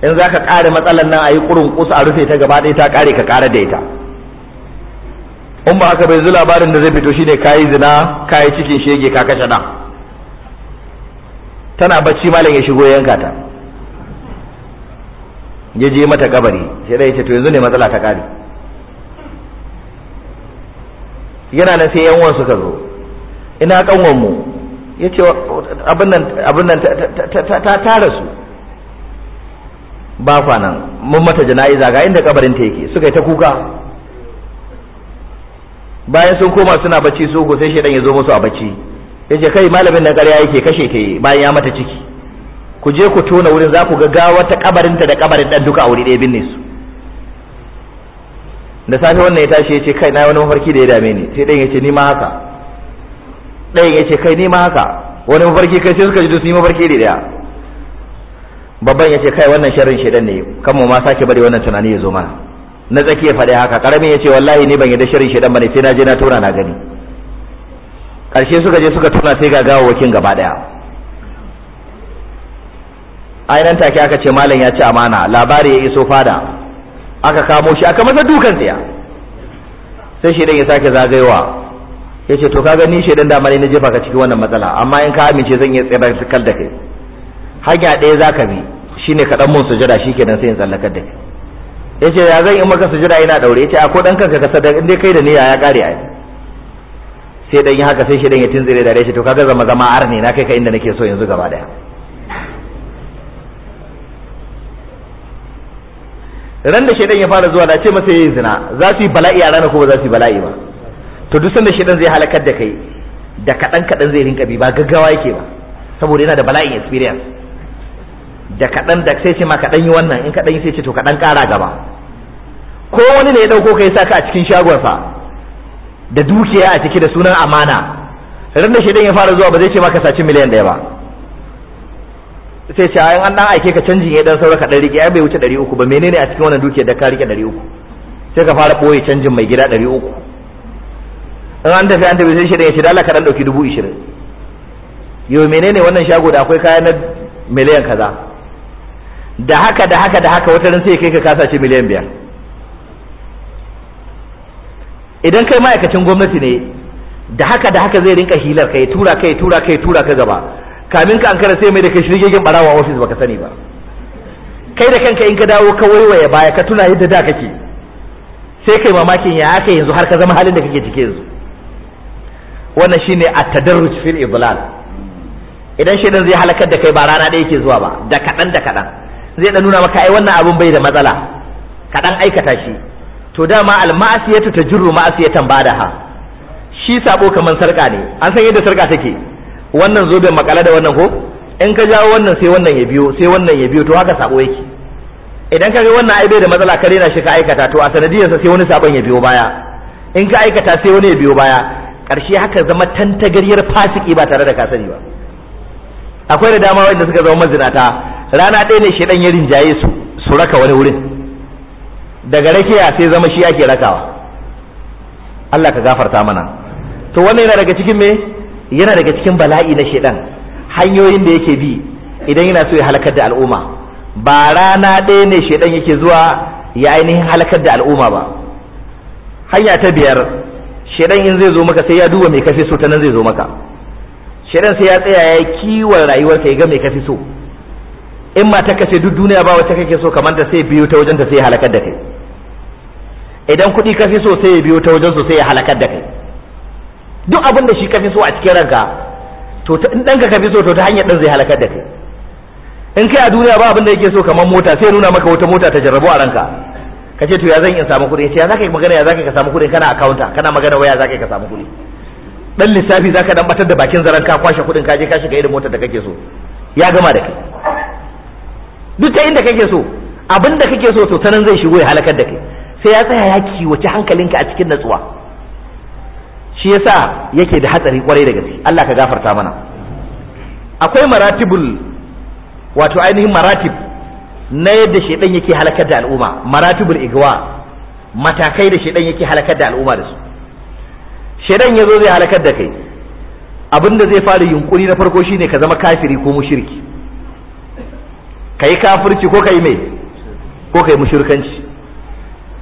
in ka kare matsalan nan yi kurun kusa a rufe ta gaba ɗaya ta kare ka kare da ita in ba haka bai zu labarin da zai fito shine kayi zina kayi cikin shege ka kashe da tana bacci malam ya shigo yanka ta ya je mata kabari sai dai ce to yanzu ne matsala ta kare yana nan sai yan suka zo ina kanwan mu ya abin nan abin nan ta tara su ba fa nan mun mata jana'iza ga inda kabarin ta yake suka yi ta kuka bayan sun koma suna bacci su ko sai shedan ya zo musu a bacci yace kai malamin na ƙarya yake kashe ta bayan ya mata ciki ku je ku tona wurin za ku ga gawa ta kabarinta da kabarin dan duka a wuri ɗaya binne su da safe wannan ya tashi ya ce kai na wani mafarki da ya dame ni sai ɗan ya ce ni ma haka ɗayan ya ce kai ni ma haka wani mafarki kai sai suka ji sun yi mafarki da ɗaya babban ya ce kai wannan sharrin shedan ne kan mu ma sake bari wannan tunani ya zo mana na tsaki ya faɗi haka ƙaramin ya ce wallahi ni ban yi da shirin shaidan bane sai na je na tona na gani ƙarshe suka je suka tona sai ga wakin gaba daya ainihin take aka ce malam ya ci amana labari ya iso fada aka kamo shi aka masa dukan tsaya sai shaidan ya sake zagayowa ya ce to ka gani shaidan dama ne na jefa ka cikin wannan matsala amma in ka amince zan iya tsayar kal da kai hanya ɗaya za ka bi shine ka ɗan mun sujada kenan sai in tsallakar da kai ya ce ya zan yi maka jira yana daure yace a ko ɗan kanka ka da in kai da niyya ya ƙare ai sai dan yi haka sai shi dan ya tunzire da rashi to kaga zama zama ne na kai ka inda nake so yanzu gaba daya ran da shedan ya fara zuwa da ce masa yayi zina za su yi bala'i a ranar ko ba za su yi bala'i ba to duk sanda shedan zai halakar da kai da kadan kadan zai rinka bi ba gaggawa yake ba saboda yana da bala'in experience da kaɗan da sai ce ma kaɗan yi wannan in kaɗan yi sai ce to kaɗan ƙara gaba ko wani ne ya ɗauko ka ya saka a cikin shagonsa da dukiya a ciki da sunan amana ran da shaidan ya fara zuwa ba zai ce ma ka saci miliyan ɗaya ba sai ce ayan an dan aike ka canjin ya dan saura ka dan rike ai bai wuce 300 ba menene a cikin wannan dukiyar da ka rike 300 sai ka fara boye canjin mai gida 300 in an tafi an tafi sai shirin ya ce dala ka dan dauki 20 yau menene wannan shago da akwai kaya na miliyan kaza da haka da haka da haka wata sai kai ka kasa ce miliyan biyar idan kai ma'aikacin gwamnati ne da haka da haka zai rinka hilar kai tura kai tura kai tura ka gaba kamin ka ankara sai mai da kai shirgegen barawa ofis baka sani ba kai da kanka in ka dawo ka waiwaye baya ka tuna yadda da kake sai kai mamakin ya aka yanzu har ka zama halin da kake cike yanzu wannan shine at-tadarruj fil idlal idan shedan zai halakar da kai ba rana da yake zuwa ba da kaɗan da kaɗan. zai dan nuna maka ai wannan abun bai da matsala ka dan aikata shi to dama al masiyatu tajurru ma'siyatan badaha shi sabo kaman sarka ne an san yadda sarka take wannan zo da makala da wannan ko in ka jawo wannan sai wannan ya biyo sai wannan ya biyo to haka sabo yake idan ka ga wannan ai bai da matsala ka rena shi ka aikata to a sanadiyarsa sai wani sabon ya biyo baya in ka aikata sai wani ya biyo baya karshe haka zama tantagaryar fasiki ba tare da ka sani ba akwai da dama wanda suka zama mazinata rana ɗaya ne shi ɗan ya rinjaye su su raka wani wurin daga rakiya sai zama shi ake rakawa Allah ka gafarta mana to wannan yana daga cikin me yana daga cikin bala'i na shedan hanyoyin da yake bi idan yana so ya halakar da al'umma ba rana ɗaya ne shedan yake zuwa ya ainihin halakar da al'umma ba hanya ta biyar shedan in zai zo maka sai ya duba mai kafi so ta nan zai zo maka shedan sai ya tsaya ya kiwon rayuwarka ya ga mai kafi so in ma ta kashe duk duniya ba wacce kake so kamar da sai biyo ta wajen ta sai halakar da kai idan kuɗi kafi so sai ya biyo ta wajen su sai ya halakar da kai duk abin da shi kafi so a cikin ranka to in ɗanka kafi so to ta hanyar ɗan zai halakar da kai in kai a duniya ba abin da yake so kamar mota sai nuna maka wata mota ta jarrabu a ranka ka ce to ya zan in samu kuɗi ya ce zaka yi magana ya zaka ka samu kuɗi kana akawunta kana magana waya zaka ka samu kuɗi dan lissafi zaka dan batar da bakin zaran ka kwashe kuɗin ka je ka shiga irin motar da kake so ya gama da kai duk ta inda kake so abin da kake so to sanan zai shigo ya halakar da kai sai ya tsaya ya kiwace hankalinka a cikin natsuwa shi yasa yake da hatsari kwarai da gaske Allah ka gafarta mana akwai maratibul wato ainihin maratib na yadda shedan yake halakar da al'umma maratibul igwa matakai da shedan yake halakar da al'umma da su shedan yazo zai halakar da kai abinda zai fara yunkuri na farko shine ka zama kafiri ko mushriki kai kafirci ko kai mai ko kai mushrikanci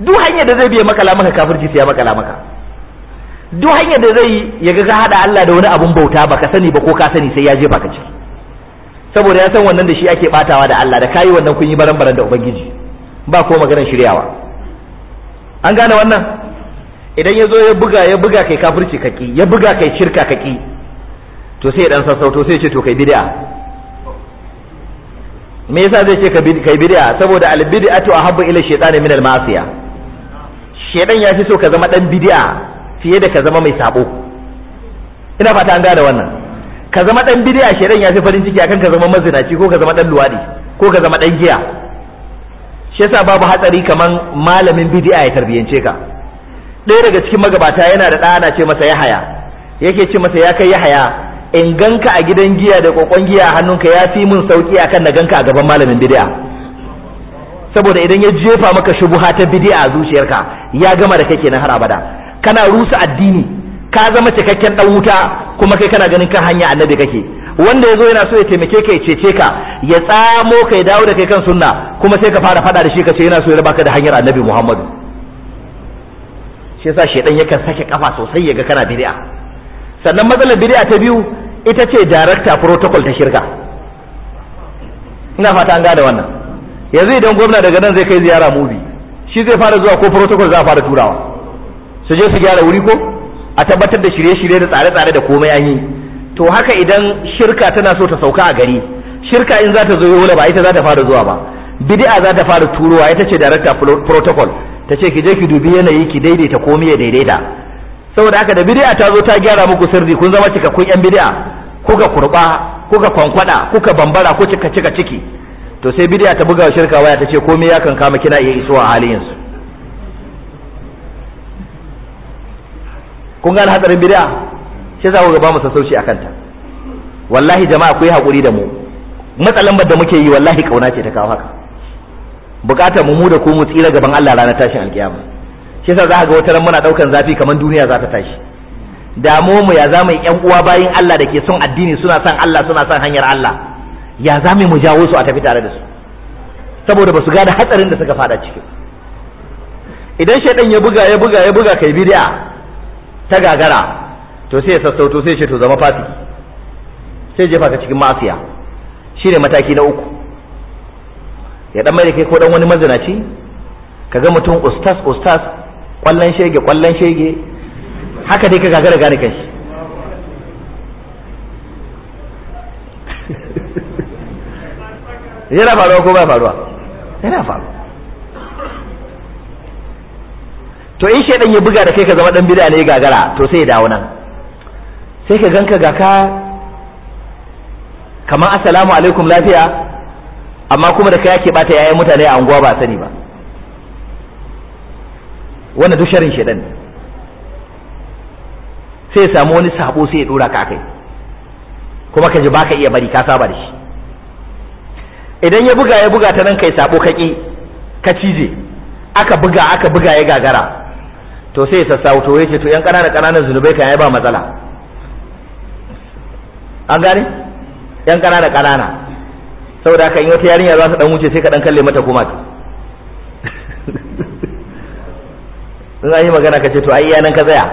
duk hanyar da zai biya makala maka kafirci sai ya makala maka duk hanyar da zai ya ga hada Allah da wani abun bauta ba ka sani ba ko ka sani sai ya jefa ka ciki saboda ya san wannan da shi ake batawa da Allah da kayi wannan kun yi baran-baran da ubangiji ba ko maganar shiryawa an gane wannan idan ya zo ya buga ya buga kai kafirci kaki ya buga kai shirka kaki to sai ya dan sassauto sai ya ce to kai bid'a me yasa zai ce ka kai bid'a saboda al bid'atu ahabbu ila shaytani min al ma'siya shaytan ya fi so ka zama dan bid'a fiye da ka zama mai sabo ina fata an gane wannan ka zama dan bid'a shaytan ya fi farin ciki akan ka zama mazinaci ko ka zama dan luwadi ko ka zama dan giya shi yasa babu hatsari kamar malamin bid'a ya tarbiyance ka ɗaya daga cikin magabata yana da ɗana ce masa yahaya yake ce masa ya kai ya haya. in ganka a gidan giya da kokon giya a hannunka ya fi mun sauki akan na ganka a gaban malamin bid'a saboda idan ya jefa maka shubuha ta bid'a a zuciyarka ya gama da kake na har abada kana rusa addini ka zama cikakken dan wuta kuma kai kana ganin kan hanya annabi kake wanda yazo yana so ya taimake ka ya cece ka ya tsamo ka ya dawo da kai kan sunna kuma sai ka fara fada da shi kace ce yana so ya raba ka da hanyar annabi Muhammadu shi yasa shedan yakan sake kafa sosai yaga kana bid'a sannan matsalar bid'a ta biyu ita ce director protocol ta shirka ina fata an gane wannan yanzu idan gwamna daga nan zai kai ziyara mubi shi zai fara zuwa ko protocol za a fara turawa su je su gyara wuri ko a tabbatar da shirye-shirye da tsare-tsare da komai an yi to haka idan shirka tana so ta sauka a gari shirka in za ta zo yola ba ita za ta fara zuwa ba bidi'a za ta fara turowa ita ce director protocol ta ce ki je ki dubi yanayi ki daidaita komai ya daidaita saboda haka da bid'a ta zo ta gyara muku sirri kun zama cikakkun yan bid'a kuka kurba kuka kwankwada kuka bambara ko cika cika ciki to sai bid'a ta buga shirka waya ta ce komai ya kan kama kina iya isuwa a halin yanzu kun gane hadarin bid'a shi za ku ga ba mu sassauci akan ta wallahi jama'a ku yi hakuri da mu matsalan da muke yi wallahi kauna ce ta kawo haka bukatar mu mu da ku mu tsira gaban Allah ranar tashin alkiyama shi yasa za ga wata ran muna daukan zafi kamar duniya za ta tashi da mu ya za mu yan uwa bayin Allah da ke son addini suna son Allah suna son hanyar Allah ya za mu jawo su a tafi tare da su saboda ba su gane hatsarin da suka fada ciki idan shaidan ya buga ya buga ya buga kai bidiya ta gagara to sai ya sassauto sai ya ce to zama fasiki sai jefa ka cikin mafiya shine mataki na uku ya dan mai da kai ko dan wani mazinaci ga mutum ustaz ustaz kwallon shege kwallon shege haka dai ka gagara gane kai yana faruwa ko ba faruwa yana faruwa to in shaidan ya buga da kai ka zama dan bid'a ne gagara to sai ya dawo nan sai ka ganka ga ka kamar assalamu alaikum lafiya amma kuma da kai yake bata yayin mutane a anguwa ba sani ba wanda duk sharin shedan sai ya samu wani sabo sai ya dora ka kai kuma ka ji baka iya bari ka saba da shi idan ya buga ya buga ta nan kai sabo ka ka cije aka buga aka buga ya gagara to sai ya sassauto ya ce to yan ƙananan ƙananan zunubai kan ya ba matsala an gane yan ƙananan ƙanana saboda haka in wata yarinya za su dan wuce sai ka dan kalle mata kuma in an yi magana ka ce to ai yanan ka tsaya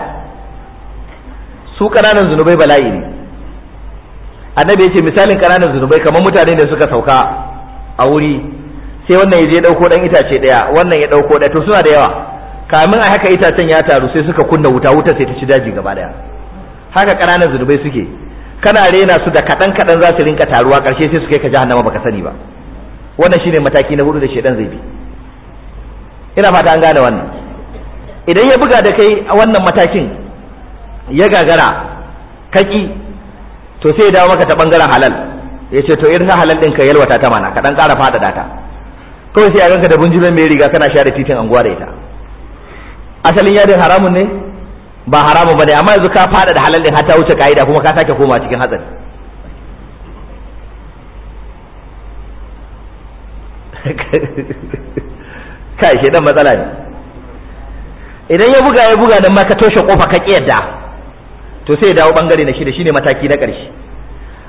su kananan zunubai bala'i ne annabi ya ce misalin kananan zunubai kamar mutane da suka sauka a wuri sai wannan ya je ɗauko ɗan itace ɗaya wannan ya ɗauko ɗaya to suna da yawa kamin a haka itacen ya taru sai suka kunna wuta wuta sai ta ci daji gaba ɗaya haka kananan zunubai suke kana rena su da kaɗan kaɗan za su rinka taruwa ƙarshe sai su kai ka jahannama baka sani ba wannan shine mataki na hudu da shedan zai bi ina fata an gane wannan idan ya buga da kai a wannan matakin ya gagara kaki to sai ya dawo maka ta bangaren halal ya ce to irin halal ɗinka yalwata ta mana ka ɗan ƙara faɗaɗa ta kawai sai a ganka da bunjimin mai riga kana share titin anguwa da ita asalin yadin haramun ne ba haramun ba ne amma yanzu ka faɗaɗa halal ɗin har ta wuce ka'ida kuma ka sake koma cikin hatsari kai shi dan matsala ne idan ya buga ya buga dan ma ka toshe kofa ka kiyarda to sai ya dawo bangare na shida shine mataki na ƙarshe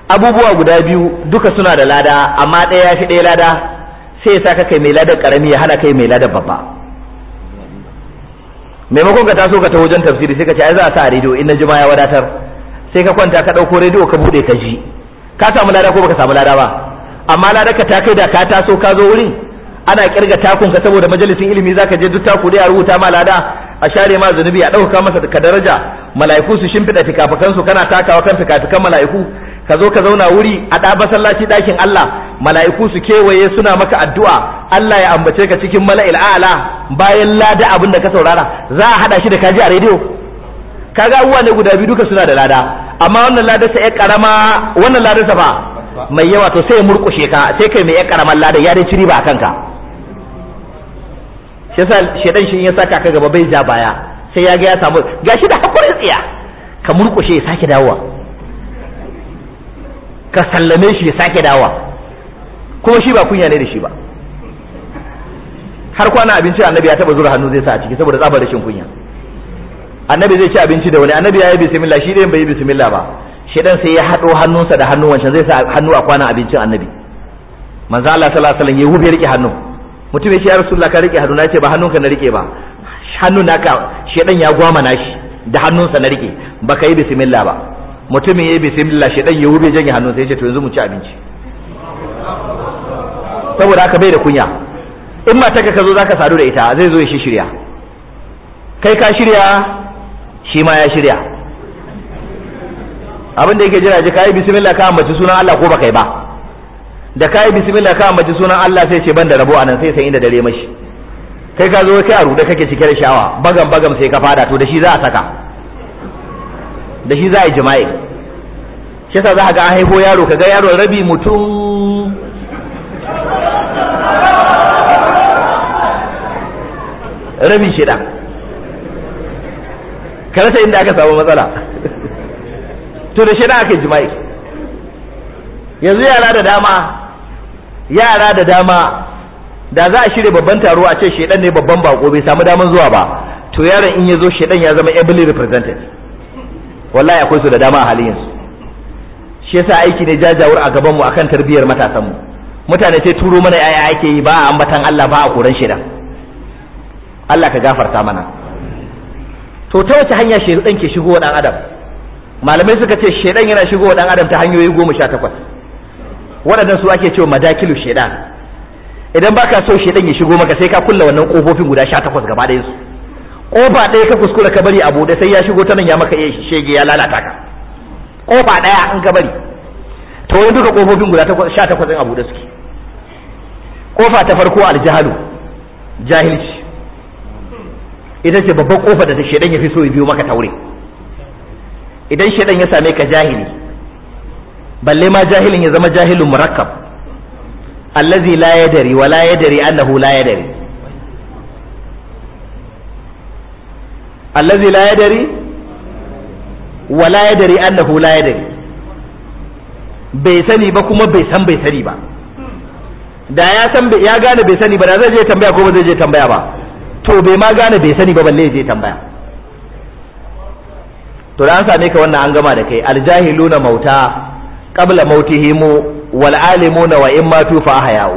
abubuwa guda biyu duka suna da lada amma ɗaya ya fi ɗaya lada sai ya sa kai mai ladar ƙarami ya hana kai mai ladar babba maimakon ka taso ka ta wajen tafsiri sai ka ce ai za a sa a rediyo in na jima ya wadatar sai ka kwanta ka ɗauko rediyo ka buɗe ka ji ka samu lada ko baka samu lada ba amma lada ka ta kai da ka taso ka zo wurin ana kirga takun ka saboda majalisin ilimi zaka je duk taku dai a rubuta ma lada a share ma zunubi a ɗauka masa ka daraja mala'iku su shimfida fikafikan su kana takawa kan fikafikan mala'iku ka zo ka zauna wuri a da masallaci dakin Allah mala'iku su kewaye suna maka addu'a Allah ya ambace ka cikin mala'il a'la bayan lada abin da ka saurara za a hada shi da kaji a rediyo kaga uwa ne guda biyu duka suna da lada amma wannan lada ya karama wannan sa fa mai yawa to sai ya murkushe ka sai kai mai ya karaman lada ya dai ciri ba a kanka shi yasa shedan shi ya saka ka gaba bai ja baya sai ya ga ya samu gashi da hakuri tsiya ka murkushe ya sake dawowa ka sallame shi ya sake dawowa kuma shi ba kunya ne da shi ba har kwana abinci annabi ya taba zura hannu zai sa a ciki saboda tsabar rashin kunya annabi zai ci abinci da wani annabi ya yi bismillah shi dai bai yi bismillah ba shedan sai ya hado hannunsa da hannun wancan zai sa hannu a kwana abincin annabi manzo Allah sallallahu alaihi wasallam ya hube rike hannun mutum ya ce ya rasulullah ka rike hannuna ce ba hannunka na rike ba hannun ka shedan ya gwama shi da hannunsa na rike baka yi bismillah ba mutumin ya yi bismillah shedan ya wube janye hannunsa ya ce to yanzu mu ci abinci saboda haka bai da kunya in matarka ka zo zaka sadu da ita zai zo ya shi shirya kai ka shirya shi ma ya shirya abin da yake jira ji ka yi bismillah ka ambaci sunan Allah ko baka yi ba da kai bismillah ka ambaci sunan Allah sai ce ban da rabo anan sai sai inda dare mashi kai ka zo kai a rude kake cike da shawa bagam bagam sai ka fada to da shi za a saka da shi za a yi jima'i shi yasa za ga an haifo yaro ka ga yaro rabi mutum rabi shida karata inda aka samu matsala to da shida aka jima'i yanzu yara da dama yara da dama da za a shirya babban taro a ce shedan ne babban bako bai samu daman zuwa ba to yaron in ya zo shedan ya zama ably represented wallahi akwai su da dama a halin su shi yasa aiki ne jajawur a gaban mu akan tarbiyyar matasan mu mutane sai turo mana yaya ake yi ba a ambatan Allah ba a koran shedan Allah ka gafarta mana to ta wace hanya shedan ke shigo wa dan adam malamai suka ce shedan yana shigo wa dan adam ta hanyoyi goma sha takwas waɗannan su ake cewa madakilu shaidan idan baka so shaidan ya shigo maka sai ka kulla wannan kofofin guda 18 gaba ɗayan su kofa ɗaya ka kuskura ka bari a sai ya shigo ta nan ya maka iya shege ya lalata ka kofa ɗaya an ka bari to wani duka kofofin guda 18 ɗin abu da suke kofa ta farko aljahalu jahilci ita ce babban kofa da shaidan ya fi so ya biyo maka taure idan shaidan ya same ka jahili balle ma jahilin ya zama jahilun murakkab allazi la yadari wa la yadari annahu la yadari allazi la yadari wa la yadari annahu la yadari bai sani ba kuma bai san bai sani ba da ya san ya gane bai sani ba da zai je tambaya ko ba zai je tambaya ba to bai ma gane bai sani ba balle ya je tambaya to da an same ka wannan an gama da kai aljahiluna mauta qabla mautihim wal alimuna wa in matu fa ahyau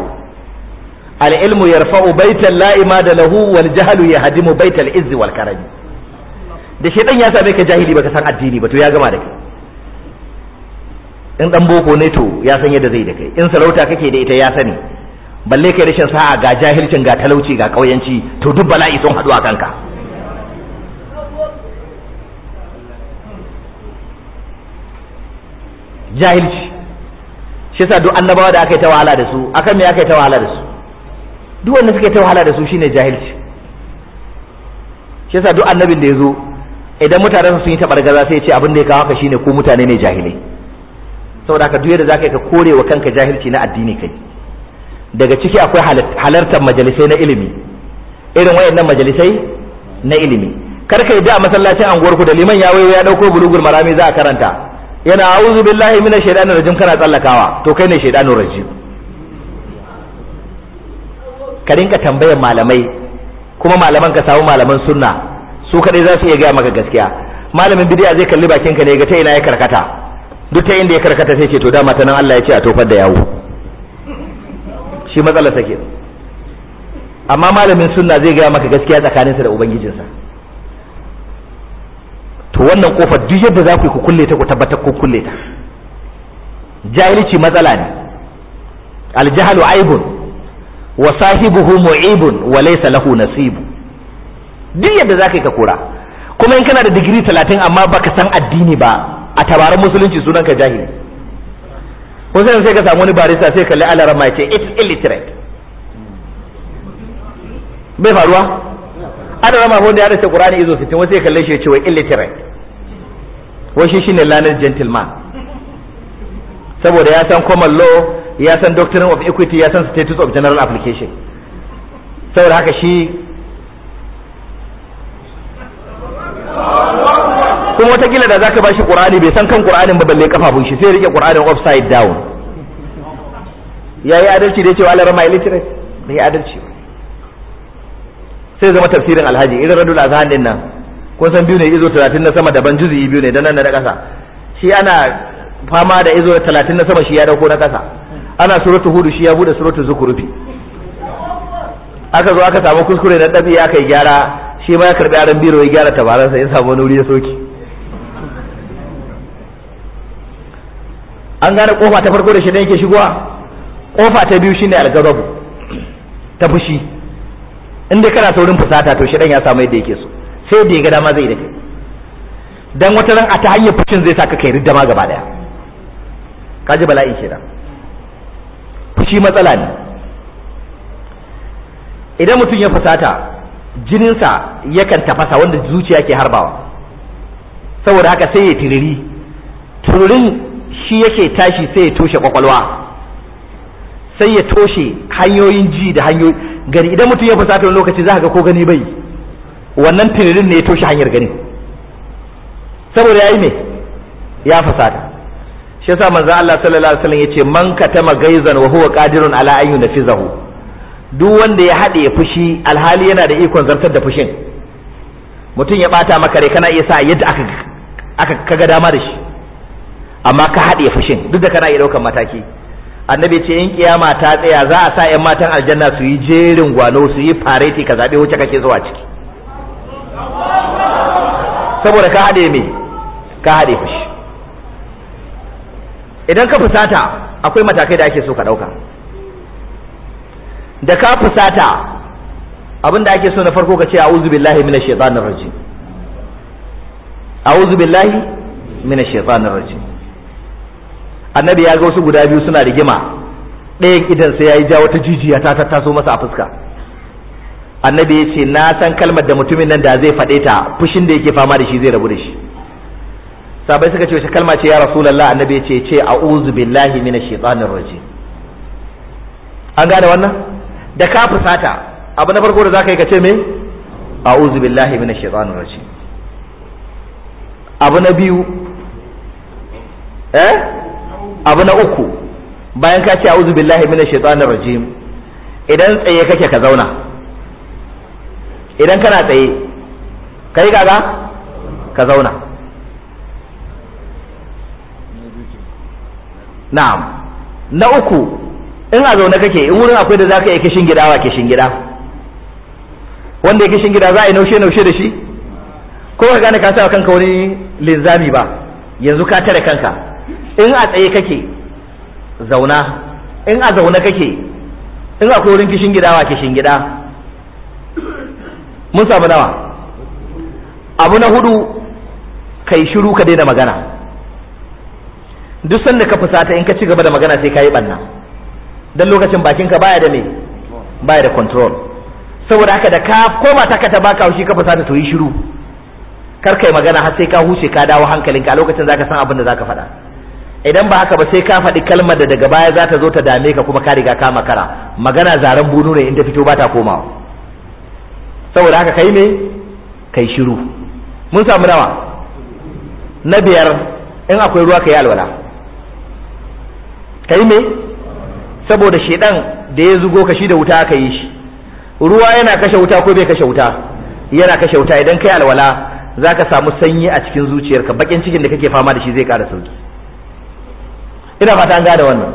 al ilmu yarfa'u baital la imada lahu wal jahlu yahdimu baital izzi wal karami da shedan ya same ka jahili baka san addini ba to ya gama da kai in dan boko ne to ya san yadda zai da kai in sarauta kake da ita ya sani balle kai rashin sa'a ga jahilcin ga talauci ga kauyanci to duk bala'i sun haɗu a kanka jahilci shi yasa duk annabawa da aka yi ta wahala da su akan me aka yi ta wahala da su duk wanda suka yi ta wahala da su shine jahilci shi yasa duk annabin da ya zo idan mutanen sun yi bargaza sai ya ce abin da ya kawo ka shine ko mutane ne jahilai saboda haka duk yadda zaka yi ka kore wa kanka jahilci na addini kai daga ciki akwai halartar majalisai na ilimi irin wayannan majalisai na ilimi kar ka yi da masallacin anguwar ku da liman ya wayo ya dauko bulugul marami za a karanta yana a'udhu billahi mina shaitanir rajim kana tsallakawa to kai ne shaitanir rajim ka dinka tambayar malamai kuma malaman ka samu malaman sunna su kadai za su iya gaya maka gaskiya malamin bidiya zai kalli bakin ka ne ga ta ina ya karkata duk ta inda ya karkata sai ce to dama ta nan Allah ya ce a tofar da yawo shi matsalar take amma malamin sunna zai gaya maka gaskiya tsakaninsa da ubangijinsa to wannan kofar duk yadda za ku yi ku kulle ta ku tabbatar ku kulle ta jahilci matsala ne aljahalu aibun wa sahibuhu mu'ibun wa laysa lahu nasibu duk yadda za ka yi ka kura kuma in kana da digiri talatin amma baka san addini ba a tabaran musulunci sunan ka jahili ko sai sai ka samu wani barista sai kalli alarama Rama ce it's illiterate bai faruwa Rama ko da ya sai qur'ani izo 60 wani sai kalle shi ya ce wai illiterate shi shine learned gentleman saboda ya san common law ya san doctrine of equity ya san status of general application saboda haka shi kuma watakila da zaka bashi qur'ani bai san kan qur'anin ba balle kafafun shi sai rike qur'anin upside down yayi adalci da cewa Allah rama illiterate bai adalci sai zama tafsirin alhaji irin radul azhan din nan ko san biyu ne izo talatin na sama daban juzi biyu ne dan nan na kasa shi ana fama da izo talatin na sama shi ya dauko na kasa ana suratu hudu shi ya bude suratu zukurubi aka zo aka samu kuskure na dabi aka yi gyara shi ma ya karbi aran biro ya gyara tabaransa ya samu wani wuri ya soki an gane kofa ta farko da shi ne yake shigowa kofa ta biyu shine algarabu ta fushi inda kana saurin fusata to shi ya samu yadda yake so sai da ya ga dama zai da kai dan wata ran a ta hanyar fushin zai saka kai ridda ma gaba daya kaji bala'i kenan fushi matsala ne idan mutum ya fusata jininsa yakan tafasa wanda zuciya ke harbawa saboda haka sai ya tiriri tururin shi yake tashi sai ya toshe kwakwalwa sai ya toshe hanyoyin ji da hanyoyi gari idan mutum ya fusata wani lokaci za ga ko gani bai wannan tiririn ne ya toshe hanyar gani saboda yayi ne ya fasada shi yasa manzo Allah sallallahu alaihi wasallam yace man katama gaizan wa huwa qadirun ala ayyu nafizahu duk wanda ya hade fushi alhali yana da ikon zartar da fushin mutum ya bata maka rai kana iya sa yadda aka aka kaga dama da shi amma ka hade fushin duk da kana iya daukar mataki annabi ce in kiyama ta tsaya za a sa 'yan matan aljanna su yi jerin gwano su yi fareti ka zaɓe wuce kake zuwa ciki saboda ka haɗe me ka haɗe fushi idan ka fusata akwai matakai da ake so ka ɗauka da ka fusata abin da ake so na farko ka ce a'udhu billahi minash shaitanir rajim a'udhu billahi minash shaitanir rajim annabi ya ga wasu guda biyu suna rigima ɗayan idan sai yayi ja wata jijiya ta tattaso masa a fuska annabi ya ce na san kalmar da mutumin nan da zai faɗe ta fushin da yake fama da shi zai rabu da shi sabai suka ce wace kalma ce ya rasulullah annabi ya ce ce a'udhu billahi minash shaitanir rajim an gane wannan da ka fusata abu na farko da zaka yi ka ce me a'udhu billahi minash shaitanir rajim abu na biyu eh abu na uku bayan ka ce a'udhu billahi minash shaitanir rajim idan tsaye kake ka zauna idan kana tsaye kai kaga ka zauna na'am na uku in a zaune kake in wurin akwai da zaka yi kishin gida wa kishin gida wanda ya kishin gida za a yi naushe naushe da shi ko ka gane ka sa kanka wani linzami ba yanzu ka tare kanka in a tsaye kake zauna in a zaune kake in akwai wurin kishin gida wa kishin gida mun samu nawa abu na hudu kai shiru ka daina magana duk sanda ka fusata in ka ci gaba da magana sai ka yi banna dan lokacin bakinka baya da me baya da control saboda haka da ka koma ta kata ta baka haushi ka fusata to yi shiru kar kai magana har sai ka huce ka dawo hankalin ka lokacin zaka san abin da zaka faɗa idan ba haka ba sai ka faɗi kalmar da daga baya za ta zo ta dame ka kuma ka riga ka makara magana zaren bunu ne in ta fito ba ta komawa saboda haka kai me kai shiru mun samu nawa na biyar in akwai ruwa kai alwala kai me saboda shedan da ya zugo kashi da wuta aka yi shi ruwa yana kashe wuta ko bai kashe wuta yana kashe wuta idan kai alwala zaka samu sanyi a cikin zuciyarka bakin cikin da kake fama da shi zai kara sauki ina fata an gada wannan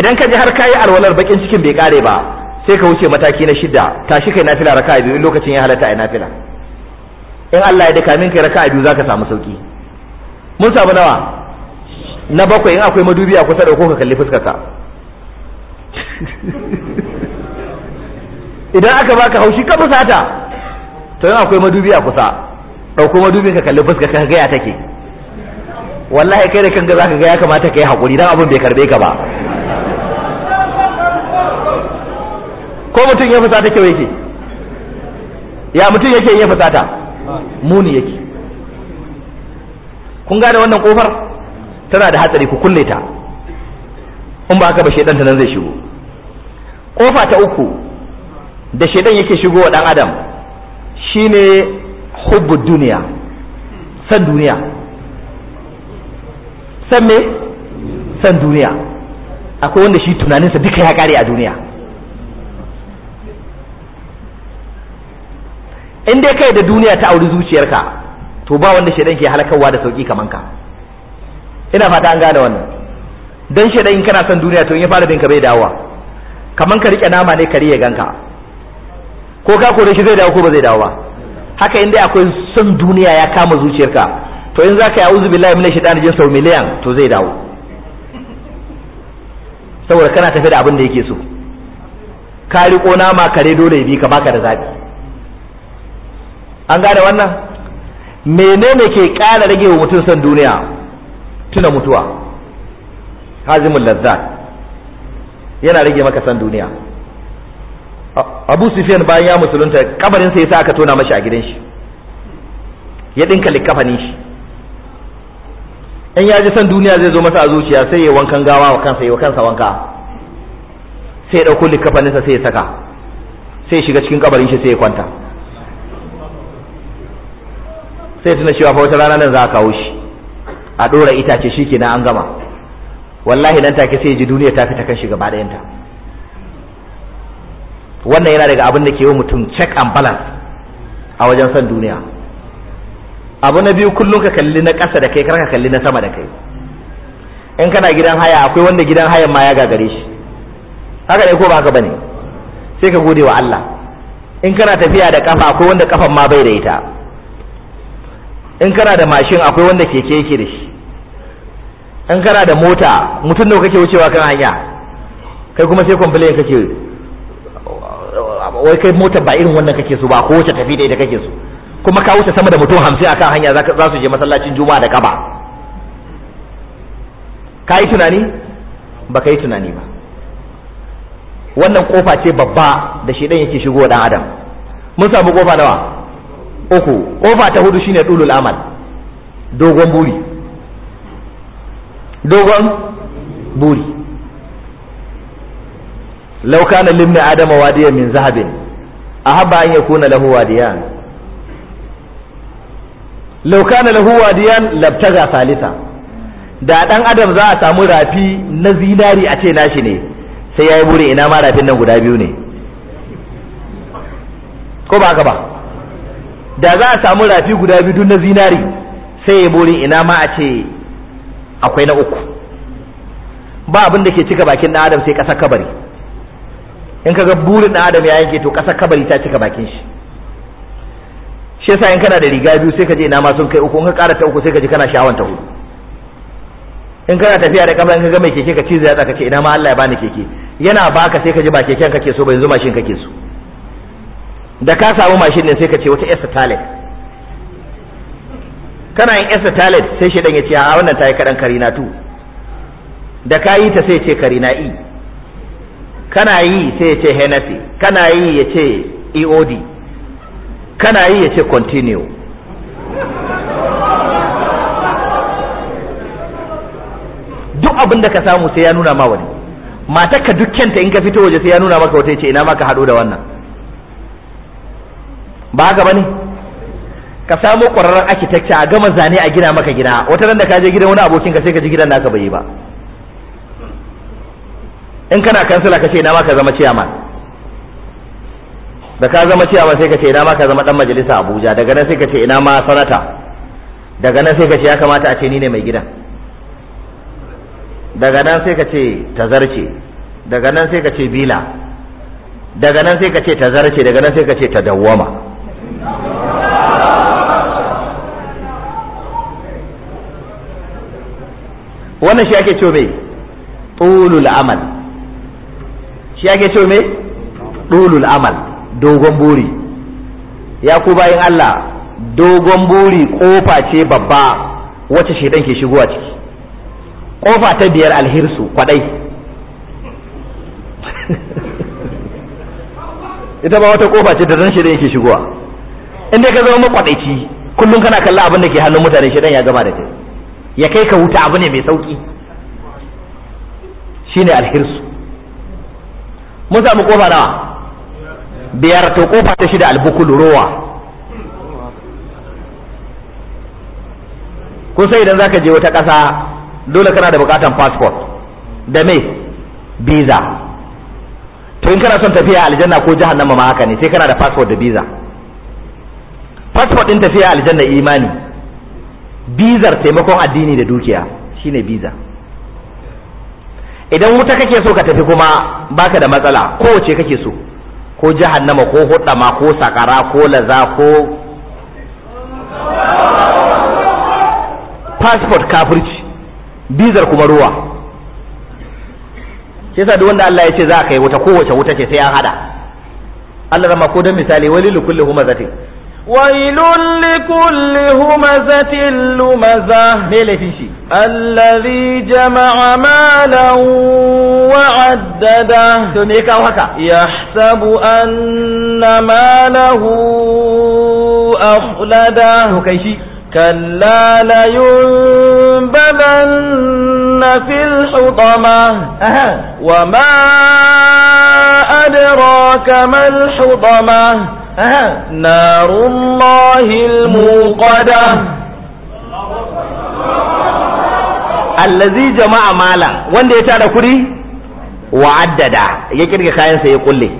idan ka ji har kayi alwalar bakin cikin bai kare ba sai ka wuce mataki na shida tashi kai nafila raka'a biyu lokacin ya halatta ai nafila in Allah ya daka min kai raka'a biyu zaka samu sauki mun samu nawa na bakwai in akwai madubi a kusa da ko ka kalli fuskarka idan aka baka haushi ka fusata to in akwai madubi a kusa dauko madubi ka kalli fuskar ka gaya take wallahi kai da kanka zaka ga ya kamata kai hakuri dan abin bai karbe ka ba ko mutum ya fusata kyau yake ya mutum yake ya fusata muni yake kun gane wannan kofar tana da hatsari ku kulle ta in ba haka ba shedan ta nan zai shigo kofa ta uku da shedan yake shigo wa dan adam shine hubbu duniya san duniya san me san duniya akwai wanda shi tunaninsa duka ya kare a duniya in dai kai da duniya ta auri zuciyarka to ba wanda shedan ke halakarwa da sauki kaman ka ina fata an gane wannan dan shedan in kana son duniya to in ya fara binka bai dawowa kaman ka rike nama ne kare ya ganka ko ka kore shi zai dawo ko ba zai dawo ba haka in dai akwai son duniya ya kama zuciyarka to in zaka yi auzu billahi minash shaitani jin sau miliyan to zai dawo saboda kana tafi da abin da yake so ka riko nama kare dole ya bi ka baka da zabi an gane wannan menene ke ƙara rage wa mutum son duniya tuna mutuwa hazimul lazzat yana rage maka son duniya abu sufyan bayan ya musulunta kabarin sai sa aka tona mashi a gidan shi ya dinka likkafanin shi in ya ji son duniya zai zo masa a zuciya sai ya wankan gawa wa kansa wa kansa wanka sai ya ɗauko likkafaninsa sai ya saka sai ya shiga cikin kabarin shi sai ya kwanta sai tuna cewa fa wata rana nan za a kawo shi a dora itace shi na an gama wallahi nan take sai ji duniya ta fita shi gaba ɗayanta wannan yana daga abin da ke yi mutum check and balance a wajen son duniya abu na biyu kullum ka kalli na ƙasa da kai kar ka kalli na sama da kai in kana gidan haya akwai wanda gidan hayan ma ya gagare shi haka ne ko ba haka bane sai ka gode wa Allah in kana tafiya da kafa akwai wanda kafan ma bai da ita in kana da mashin akwai wanda keke yake da shi in kana da mota mutum nawa kake wucewa kan hanya kai kuma sai complain kake wai kai mota ba irin wannan kake so ba ko wace tafi da ita kake so kuma ka wuce sama da mutum hamsin akan hanya za su je masallacin juma'a da kaba ka yi tunani ba ka yi tunani ba wannan kofa ce babba da shi yake shigo dan adam mun samu kofa nawa uku kofa ta hudu shine dulul amal dogon buri dogon buri law kana limni adama wadiyan min zahabin ahabba an yakuna lahu wadiyan law kana lahu wadiyan labtaga salisa da dan adam za a samu rafi na zinari a ce nashi ne sai yayi buri ina ma rafin nan guda biyu ne ko ba haka ba da za a samu rafi guda biyu na zinari sai ya bori ina ma a ce akwai na uku ba abin da ke cika bakin ɗan adam sai ƙasar kabari in kaga burin ɗan adam ya yanke to ƙasar kabari ta cika bakin shi shi yasa in kana da riga biyu sai ka je ina ma sun kai uku in ka ƙara ta uku sai ka ji kana sha'awan ta hudu in kana tafiya da kafa in kaga mai keke ka ci ya ka ce ina ma Allah ya bani keke yana baka sai ka ji ba keken kake so ba yanzu mashin kake so da ka samu mashin ne sai ka ce wata yasa talent kana yin yasa talent sai shi ya ce a wannan ta yi kaɗan karina tu da ka yi ta sai ce karina i e. kana yi sai ya ce henafi kana yi ya ce eod kana yi ya ce continue duk abin da ka samu sai ya nuna ma wani matakka dukkanta in ka fito waje sai ya nuna maka wata ya ce ina maka haɗu da wannan ba haka bane ka samu ƙwararren architecture a gama zane a gina maka gida wata ran da ka je gidan wani abokin ka sai ka ji gidan naka bai yi ba in kana kansila ka ce ina ma ka zama ciyaman da ka zama ciyaman sai ka ce ina ma ka zama dan majalisa Abuja daga nan sai ka ce ina ma sanata daga nan sai ka ce ya kamata a ce ni ne mai gidan daga nan sai ka ce tazarce daga nan sai ka ce bila daga nan sai ka ce tazarce daga nan sai ka ce tadawwama wannan shi ake cewa mai tulul amal shi ake cewa mai tulul amal dogon buri ya ku bayin Allah dogon buri kofa ce babba wacce shedan ke shigowa ciki kofa ta biyar alhirsu kwadai ita ba wata kofa ce da ran shedan yake shigowa inda ka zama makwadaici kullum kana kallon abin da ke hannun mutane shedan ya gama da kai ya kai ka wuta abu ne mai sauki shine alhirsu mun samu kofa nawa biyar to kofa ta shida albukul rowa kun sai idan zaka je wata ƙasa dole kana da bukatan passport da me visa to in kana son tafiya aljanna ko jahannama ma haka ne sai kana da passport da visa fasfo ɗin tafiya aljanna imani bizar taimakon addini da dukiya shine biza idan wuta kake so ka tafi kuma baka da matsala kowace kake so ko jahannama ko hudama ko sakara ko laza ko fasfot kafirci bizar kuma ruwa shi yasa wanda Allah ya ce za a kai wuta kowace wuta ce sai an hada Allah zama ko don misali wali kuma zafi. ويل لكل همزة لمزة الذي جمع مالا وعدده يحسب أن ماله أخلده كلا لينبذن في الحطمة وما أدراك ما الحطمة نار الله allazi jama'a mala. wanda ya tara kuri wa addada ya kirga kayansa ya kulle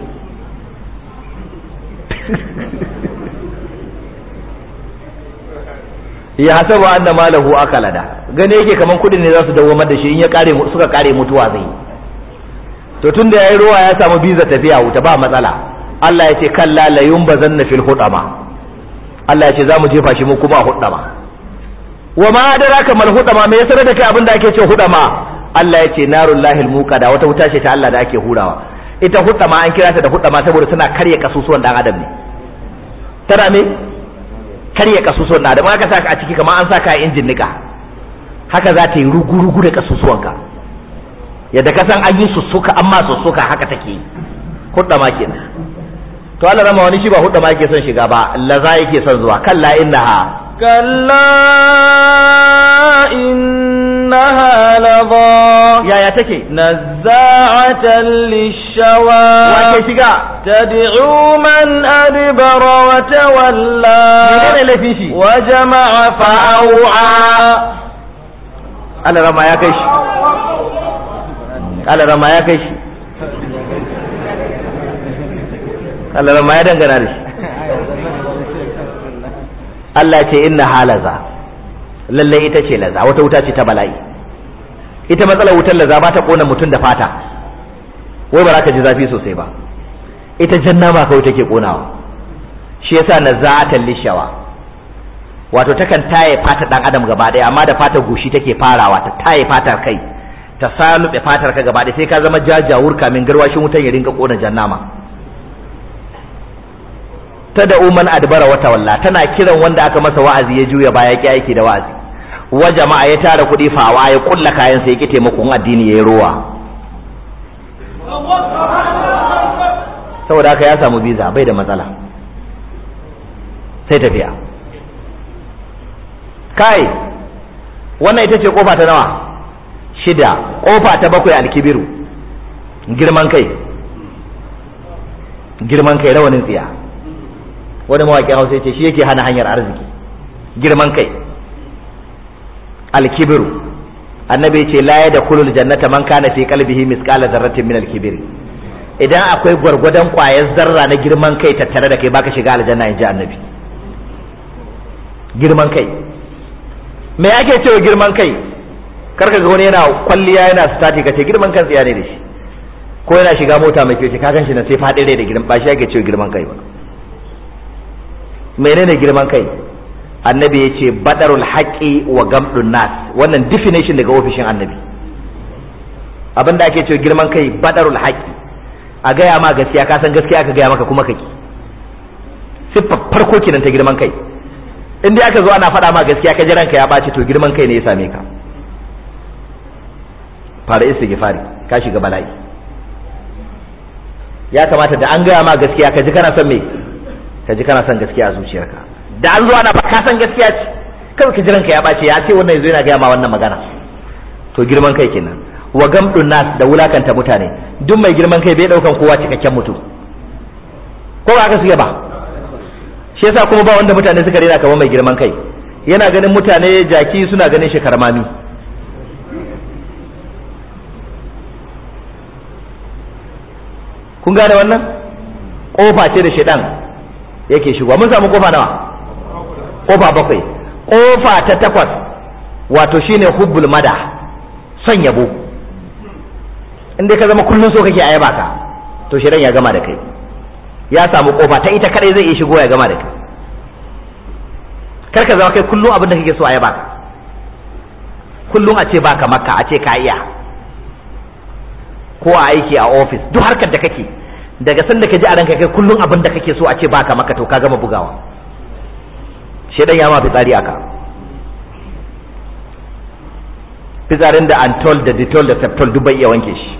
ya hasabu anna malahu akalada gane yake kaman kudin ne za su dawwamar da shi in ya kare suka kare mutuwa zai to tunda yayi ruwa ya samu biza tafiya wuta ba matsala Allah ya ce kalla la yumbazanna fil hudama Allah ya ce za mu jefa shi mu kuma a hudama wa ma adraka mal hudama me yasa da kai abin da ake ce hudama Allah ya ce narul lahil muqada wata wuta ce ta Allah da ake hurawa ita hudama an kira ta da hudama saboda tana karya kasusuwan dan adam ne tana me karya kasusuwan dan adam aka saka a ciki kamar an saka injin nika haka za ta yi rugu rugu da kasusuwanka yadda ka san an yi sussuka amma sussuka haka take hudama kenan to Allah rama wani shi ba hudu ma yake son shiga ba laza yake son zuwa kalla innaha kalla innaha laba yaya take nazza'atan lishawa wace shiga tad'u man adbara wa tawalla ne ne shi wa jama'a fa'awa Allah rama ya kai shi Allah rama ya kai shi Allah ma ya dangana da shi Allah ce inna halaza lalle ita ce laza wata wuta ce ta bala'i ita matsalar wutar laza ba ta kona mutum da fata wai ba za ka ji zafi sosai ba ita janna ma kawai take konawa shi yasa ta lishawa wato takan taye fata dan adam gaba daya amma da fatar goshi take farawa ta taye fatar kai ta salube fatar ka gaba daya sai ka zama jajawur kamin garwashin wutan ya rinka kona jannama ta da umar adbara wata walla tana kiran wanda aka masa wa'azi ya juya baya ki aiki da wa'azi wa jama'a ya tara kuɗi fawa ya kulla kayan sa yake taimakon addini yayi ruwa saboda haka ya samu biza bai da matsala sai tafiya kai wannan ita ce kofa ta nawa shida kofa ta bakwai alkibiru girman kai girman kai rawanin tsiya wani mawaƙin hausa ce shi yake hana hanyar arziki girman kai alkibiru annabi ya ce laye da kulul jannata man kana fi qalbihi misqala zarratin min alkibiri idan akwai gwargwadon kwayar zarra na girman kai tattare da kai baka shiga aljanna in ji annabi girman kai me yake cewa girman kai karka ga wani yana kwalliya yana stati ka ce girman kan tsiyane da shi ko yana shiga mota mai kyau ce ka gan shi na sai faɗi rai da girman ba shi yake cewa girman kai ba menene girman kai annabi ya ce badarul haƙi wa gamdun nas wannan definition daga ofishin annabi abin da ake ce girman kai badarul haƙi a gaya ma gaskiya ka san gaskiya aka gaya maka kuma kaki siffa farko kenan ta girman kai in dai aka zo ana faɗa ma gaskiya ka jiran ka ya ɓaci to girman kai ne ya same ka fara fari ka shiga bala'i ya kamata da an gaya ma gaskiya ka ji kana son me ka ji kana son gaskiya a zuciyarka da an zo ana ba ka san gaskiya ce kawai ka ka ya bace ya ce wannan yanzu yana gaya ma wannan magana to girman kai kenan wa gamdun nas da wulakanta mutane duk mai girman kai bai daukan kowa cikakken mutum ko ba ka suke ba shi yasa kuma ba wanda mutane suka rena kamar mai girman kai yana ganin mutane jaki suna ganin shi karmami kun gane wannan kofa ce da shedan yake shigo mun samu kofa nawa kofa bakwai kofa ta takwas wato shine hubbul mada son yabo in dai ka zama kullun so kake a yaba ka to shirin ya gama da kai ya samu kofa ta ita kadai zai iya shigo ya gama da kai kar ka zama kai kullun abin da kake so a yaba ka kullun a ce baka makka a ce ka iya ko a aiki a ofis duk harkar da kake daga sanda ka ji a ranka kai kullum abin da kake so a ce baka maka to ka gama bugawa shedan ya ma fitsari aka fitsarin da antol da Ditol da septol duk bai iya wanke shi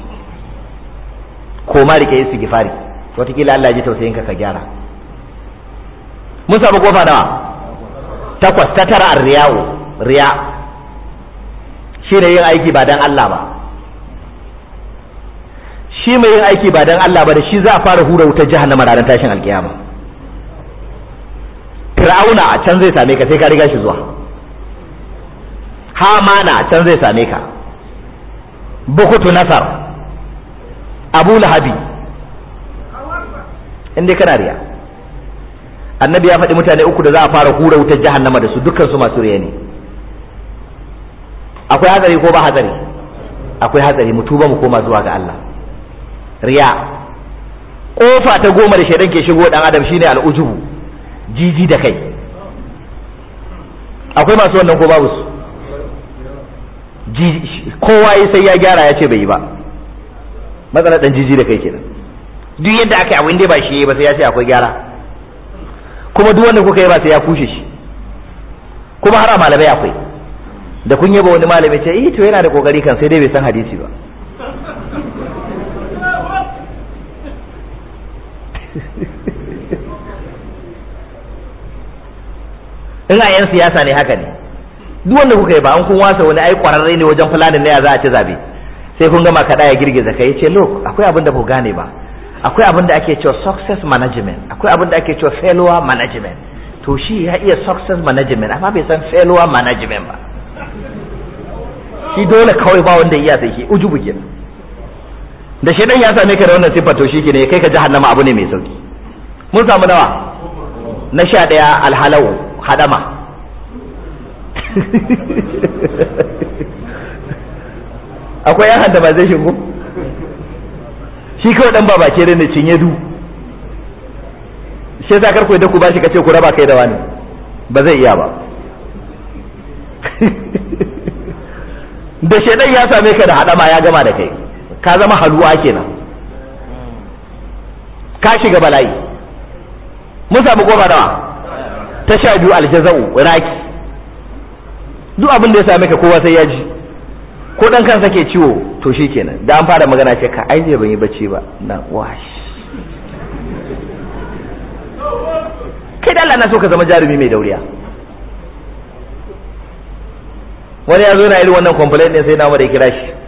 ko ma rike yi gifari Wataƙila Allah ya ji tausayin ka ka gyara mun samu kofa nawa takwas ta tara riyawo riya shi ne yin aiki ba dan Allah ba shi mai yin aiki ba dan Allah ba da shi za a fara hura wutar jahannama ranar tashin alkiyama fir'auna a can zai same ka sai ka riga shi zuwa hamana a can zai same ka bukutu nasar abu lahabi inda kana riya annabi ya faɗi mutane uku da za a fara hura wutar jahannama da su dukkan su masu riya ne akwai hatsari ko ba hatsari akwai hatsari mu tuba mu koma zuwa ga Allah riya kofa ta goma da shaidan ke shigo dan adam shine al'ujubu jiji da kai akwai masu wannan ko babu su kowa yi sai ya gyara ya ce bai yi ba matsalar dan jiji da kai kenan duk yadda aka yi abin dai ba shi ba sai ya ce akwai gyara kuma duk wanda kuka yi ba sai ya kushe shi kuma har a malamai akwai da kun yaba wani malami ce eh to yana da kokari kan sai dai bai san hadisi ba in a yan siyasa ne haka ne duk wanda kuka yi ba an kun wasa wani ai kwararre ne wajen fulanin ne a za a ci zabe sai kun gama kaɗa ya girgiza kai yace look akwai abin da ba gane ba akwai abin da ake cewa success management akwai abin da ake cewa failure management to shi ya iya success management amma bai san failure management ba shi dole kawai ba wanda ya iya sai shi ujubu kenan da shedan ya same ka da wannan sifa to shike ne kai ka jahannama abu ne mai sauki mun samu nawa na sha daya alhalau hadama akwai yan handa ba zai shigo shi kawai dan baba ke ne cinye du shi yasa karko da ku bashi kace ku raba kai da wani ba zai iya ba da shedan ya same ka da hadama ya gama da kai ka zama haluwa kenan ka shiga balayi mun samu goma nawa ta sha biyu aljaza'u raki duk abin da ya same ka kowa sai ya ji ko dan kansa ke ciwo to shi kenan da an fara magana ce ka aije ban yi bacci ba na wash kai da Allah na so ka zama jarumi mai dauriya wani ya zo na iri wannan complaint ne sai na mu da kira shi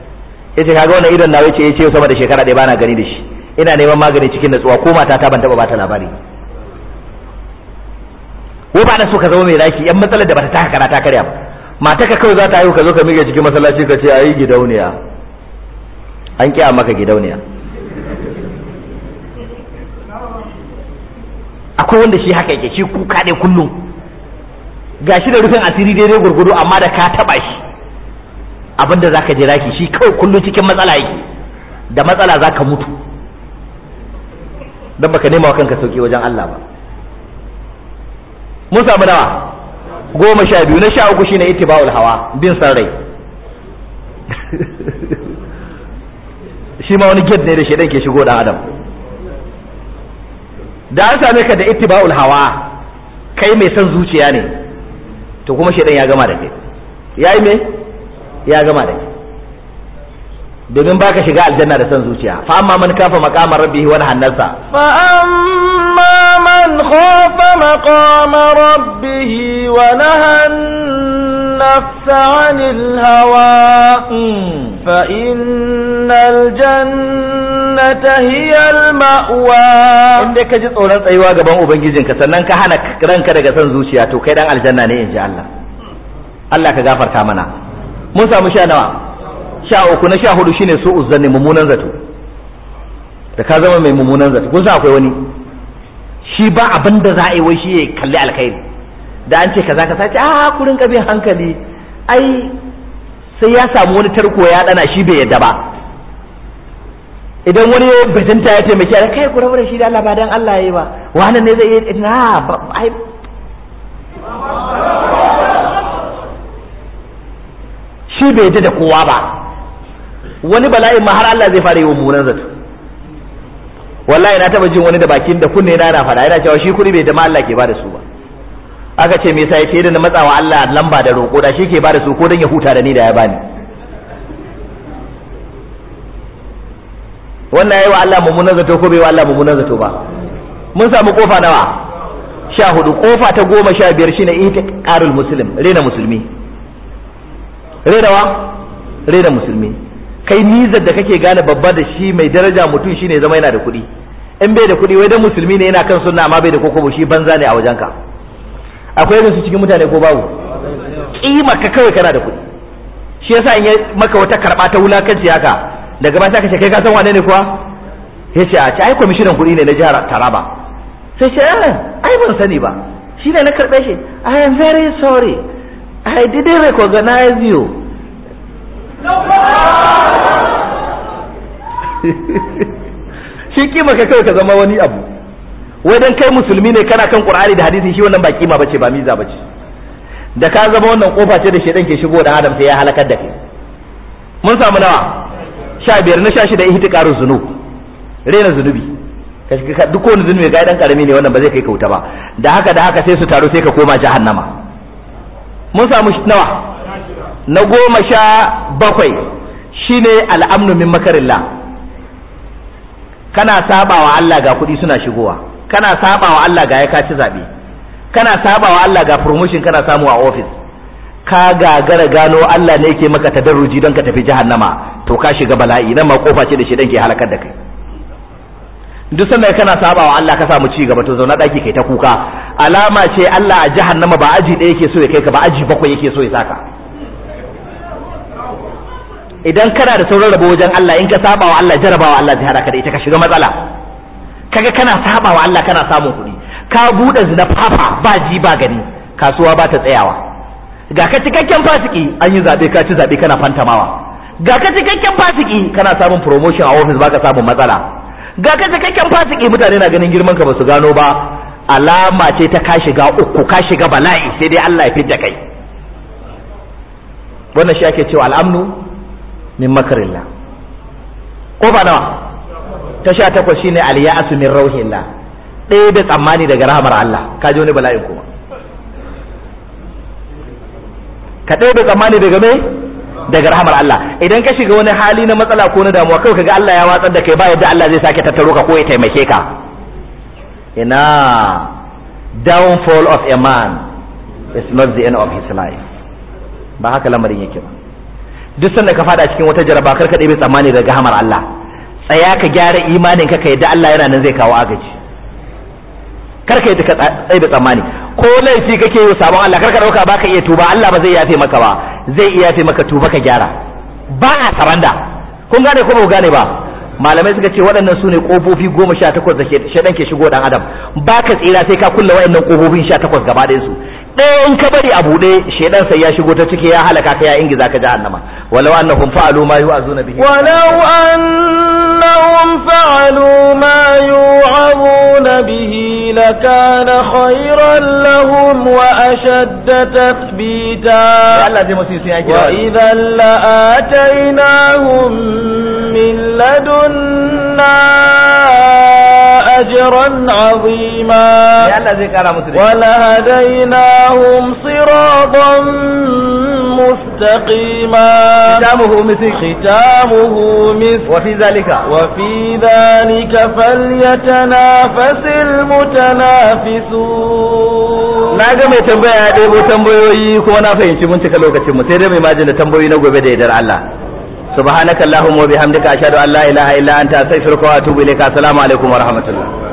yace kaga wannan idan nawa yace yace sama da shekara ɗaya bana gani da shi ina neman magani cikin natsuwa ko mata ta ban taba bata labari ko ba da so ka zama mai laki yan matsalar da bata taka kana ta karya ba mata ka kawai za ta yi ka zo ka miƙe cikin masallaci ka ce ayi gidauniya an kiya maka gidauniya akwai wanda shi haka yake shi kuka ne kullum gashi da rufin asiri daidai gurgudu amma da ka taba shi abinda zaka jira ki shi kawai kullum cikin matsala yake da matsala zaka mutu don baka nema wa kanka sauki wajen Allah ba mun samu nawa goma sha biyu na sha uku shi shine ittiba'ul hawa bin san rai shi ma wani get ne da shedan ke shigo dan adam da an same ka da ittiba'ul hawa kai mai son zuciya ne to kuma shedan ya gama da kai yayi me ya gama da kai domin baka shiga aljanna da san zuciya fa amma man kafa maqama rabbihi wa nahannasa fa amma man khafa maqama rabbihi wa nahannafs 'anil hawa fa innal jannata hiya al ma'wa inda ka ji tsoron tsayuwa gaban ubangijinka sannan ka hana ranka daga san zuciya to kai dan aljanna ne ji Allah Allah ka gafarta mana mun samu sha nawa sha uku na sha hudu shine su uzzanni mummunan zato da ka zama mai mummunan zato kun san akwai wani shi ba abin da za a yi wai shi ya kalli alkhairi da an ce kaza ka sace a ah, kurin kabin hankali ai sai ya samu wani tarko ya dana shi bai yadda ba idan wani bajinta ya taimaki a kai ku rabu da shi da Allah ba dan Allah yayi ba wannan ne zai yi na ah, ai shi bai ji da kowa ba wani bala'in ma har Allah zai fara yi wa munan zato wallahi na taba jin wani da bakin da kunne na na fada yana cewa shi kuri bai da ma Allah ke ba da su ba aka ce me yasa yake da matsawa Allah lamba da roƙo da shi ke ba da su ko dan ya huta da ni da ya bani wannan yayi wa Allah nan zato ko bai wa Allah nan zato ba mun samu kofa nawa sha hudu kofa ta goma sha biyar shine ita karul muslim rena musulmi redawa reda musulmi kai nizar da kake gane babba da shi mai daraja mutum shine zama yana da kuɗi in bai da kuɗi wai dan musulmi ne yana kan sunna amma bai da kokobo shi banza ne a wajenka akwai irin su cikin mutane ko babu kima ka kawai kana da kuɗi shi yasa in yi maka wata karɓa ta wulakanci haka daga ba ta ka kai ka san wane ne kuwa yace a ce ai kwamishinan kuɗi ne na jihar Taraba sai ce eh, ai ban sani ba shi ne na karɓe shi i am very sorry I didn't recognize you. shi kima ka kawai ka zama wani abu wai dan kai musulmi ne kana kan qur'ani da hadisi shi wannan ba kima bace ba miza bace da ka zama wannan kofa ce da shedan ke shigo da adam sai ya halakar da kai mun samu nawa sha biyar na sha shida ihtiqarul zunub rena zunubi duk wani zunubi ga dan karami ne wannan ba zai kai kauta ba da haka da haka sai su taru sai ka koma jahannama mun samu nawa na goma sha bakwai shine al'amnu min makarilla kana sabawa Allah ga kuɗi suna shigowa kana sabawa Allah ga ya kaci zaɓe kana sabawa Allah ga promotion kana samu a ofis? ka gagara gano Allah ne ke maka tadarruji don ka tafi jihar nama? to ka shiga bala'i nan ma kofa ce da shi dan ke halakar da kai duk sanda kana sabawa Allah ka samu ci gaba to zauna daki kai ta kuka alama ce Allah a jahannama ba aji ɗaya yake so ya kai ka ba aji bakwai yake so ya saka idan kana da sauran rabo wajen Allah in ka sabawa Allah jarabawa Allah zai ka da ita ka shiga matsala kaga kana sabawa Allah kana samun kuɗi ka buɗe zina fafa ba ji ba gani kasuwa ba ta tsayawa ga ka cikakken fasiki an yi zaɓe ka ci zaɓe kana fantamawa ga ka cikakken fasiki kana samun promotion a office baka samun matsala ga ka cikakken fasiki mutane na ganin girman ka ba su gano ba alama ce ta ka shiga uku ka shiga bala'i sai dai Allah ya fidda kai wannan shi ake cewa al'amnu min makarilla. ko ba nawa ta sha takwas shine al-ya'su min rauhillah ɗaya da tsammani daga rahamar Allah ka ji wani bala'i kuma ka ɗaya da tsammani daga me daga rahamar Allah idan ka shiga wani hali na matsala ko na damuwa kawai kaga Allah ya watsar da kai ba yadda Allah zai sake tattaro ka ko ya taimake ka ina downfall of a man is not the end of his life ba haka lamarin yake ba duk sanda ka fada cikin wata jaraba kar ka dabe tsammani daga rahamar Allah tsaya ka gyara imanin ka ka yadda Allah yana nan zai kawo agaji kar ka yi ka da tsammani ko laifi kake yi sabon Allah kar ka ɗauka ba ka iya tuba Allah ba zai yafe maka ba zai iya fi maka tuba ka gyara ba a saranda kun gane ko ba gane ba malamai suka ce waɗannan su ne ƙofofi goma sha takwas da shaɗan ke shigo ɗan adam ba ka tsira sai ka kulle waɗannan ƙofofin sha takwas gaba su ɗaya ka bari a buɗe shaidan sai ya shigo ta ciki ya halaka ka ya ingiza ka jahannama walau annahum fa'alu ma yu'azuna bihi walau annahum fa'alu ma yu'azuna bihi lakana khayran lahum wa ashadda tathbita Allah zai musu sai wa idan la'atainahum min ladunna أجرا عظيما ولهديناهم صراطا مستقيما ختامه مثل ختامه مثل وفي ذلك وفي ذلك فليتنافس المتنافسون na ga mai tambaya ya ɗebo tambayoyi kuma na fahimci mun cika lokacin mu sai dai mai majin da tambayoyi na gobe da yadda Allah subhanakallahumma wa bihamdika ashhadu an la ilaha illa anta astaghfiruka wa atubu ilaika assalamu alaikum wa rahmatullah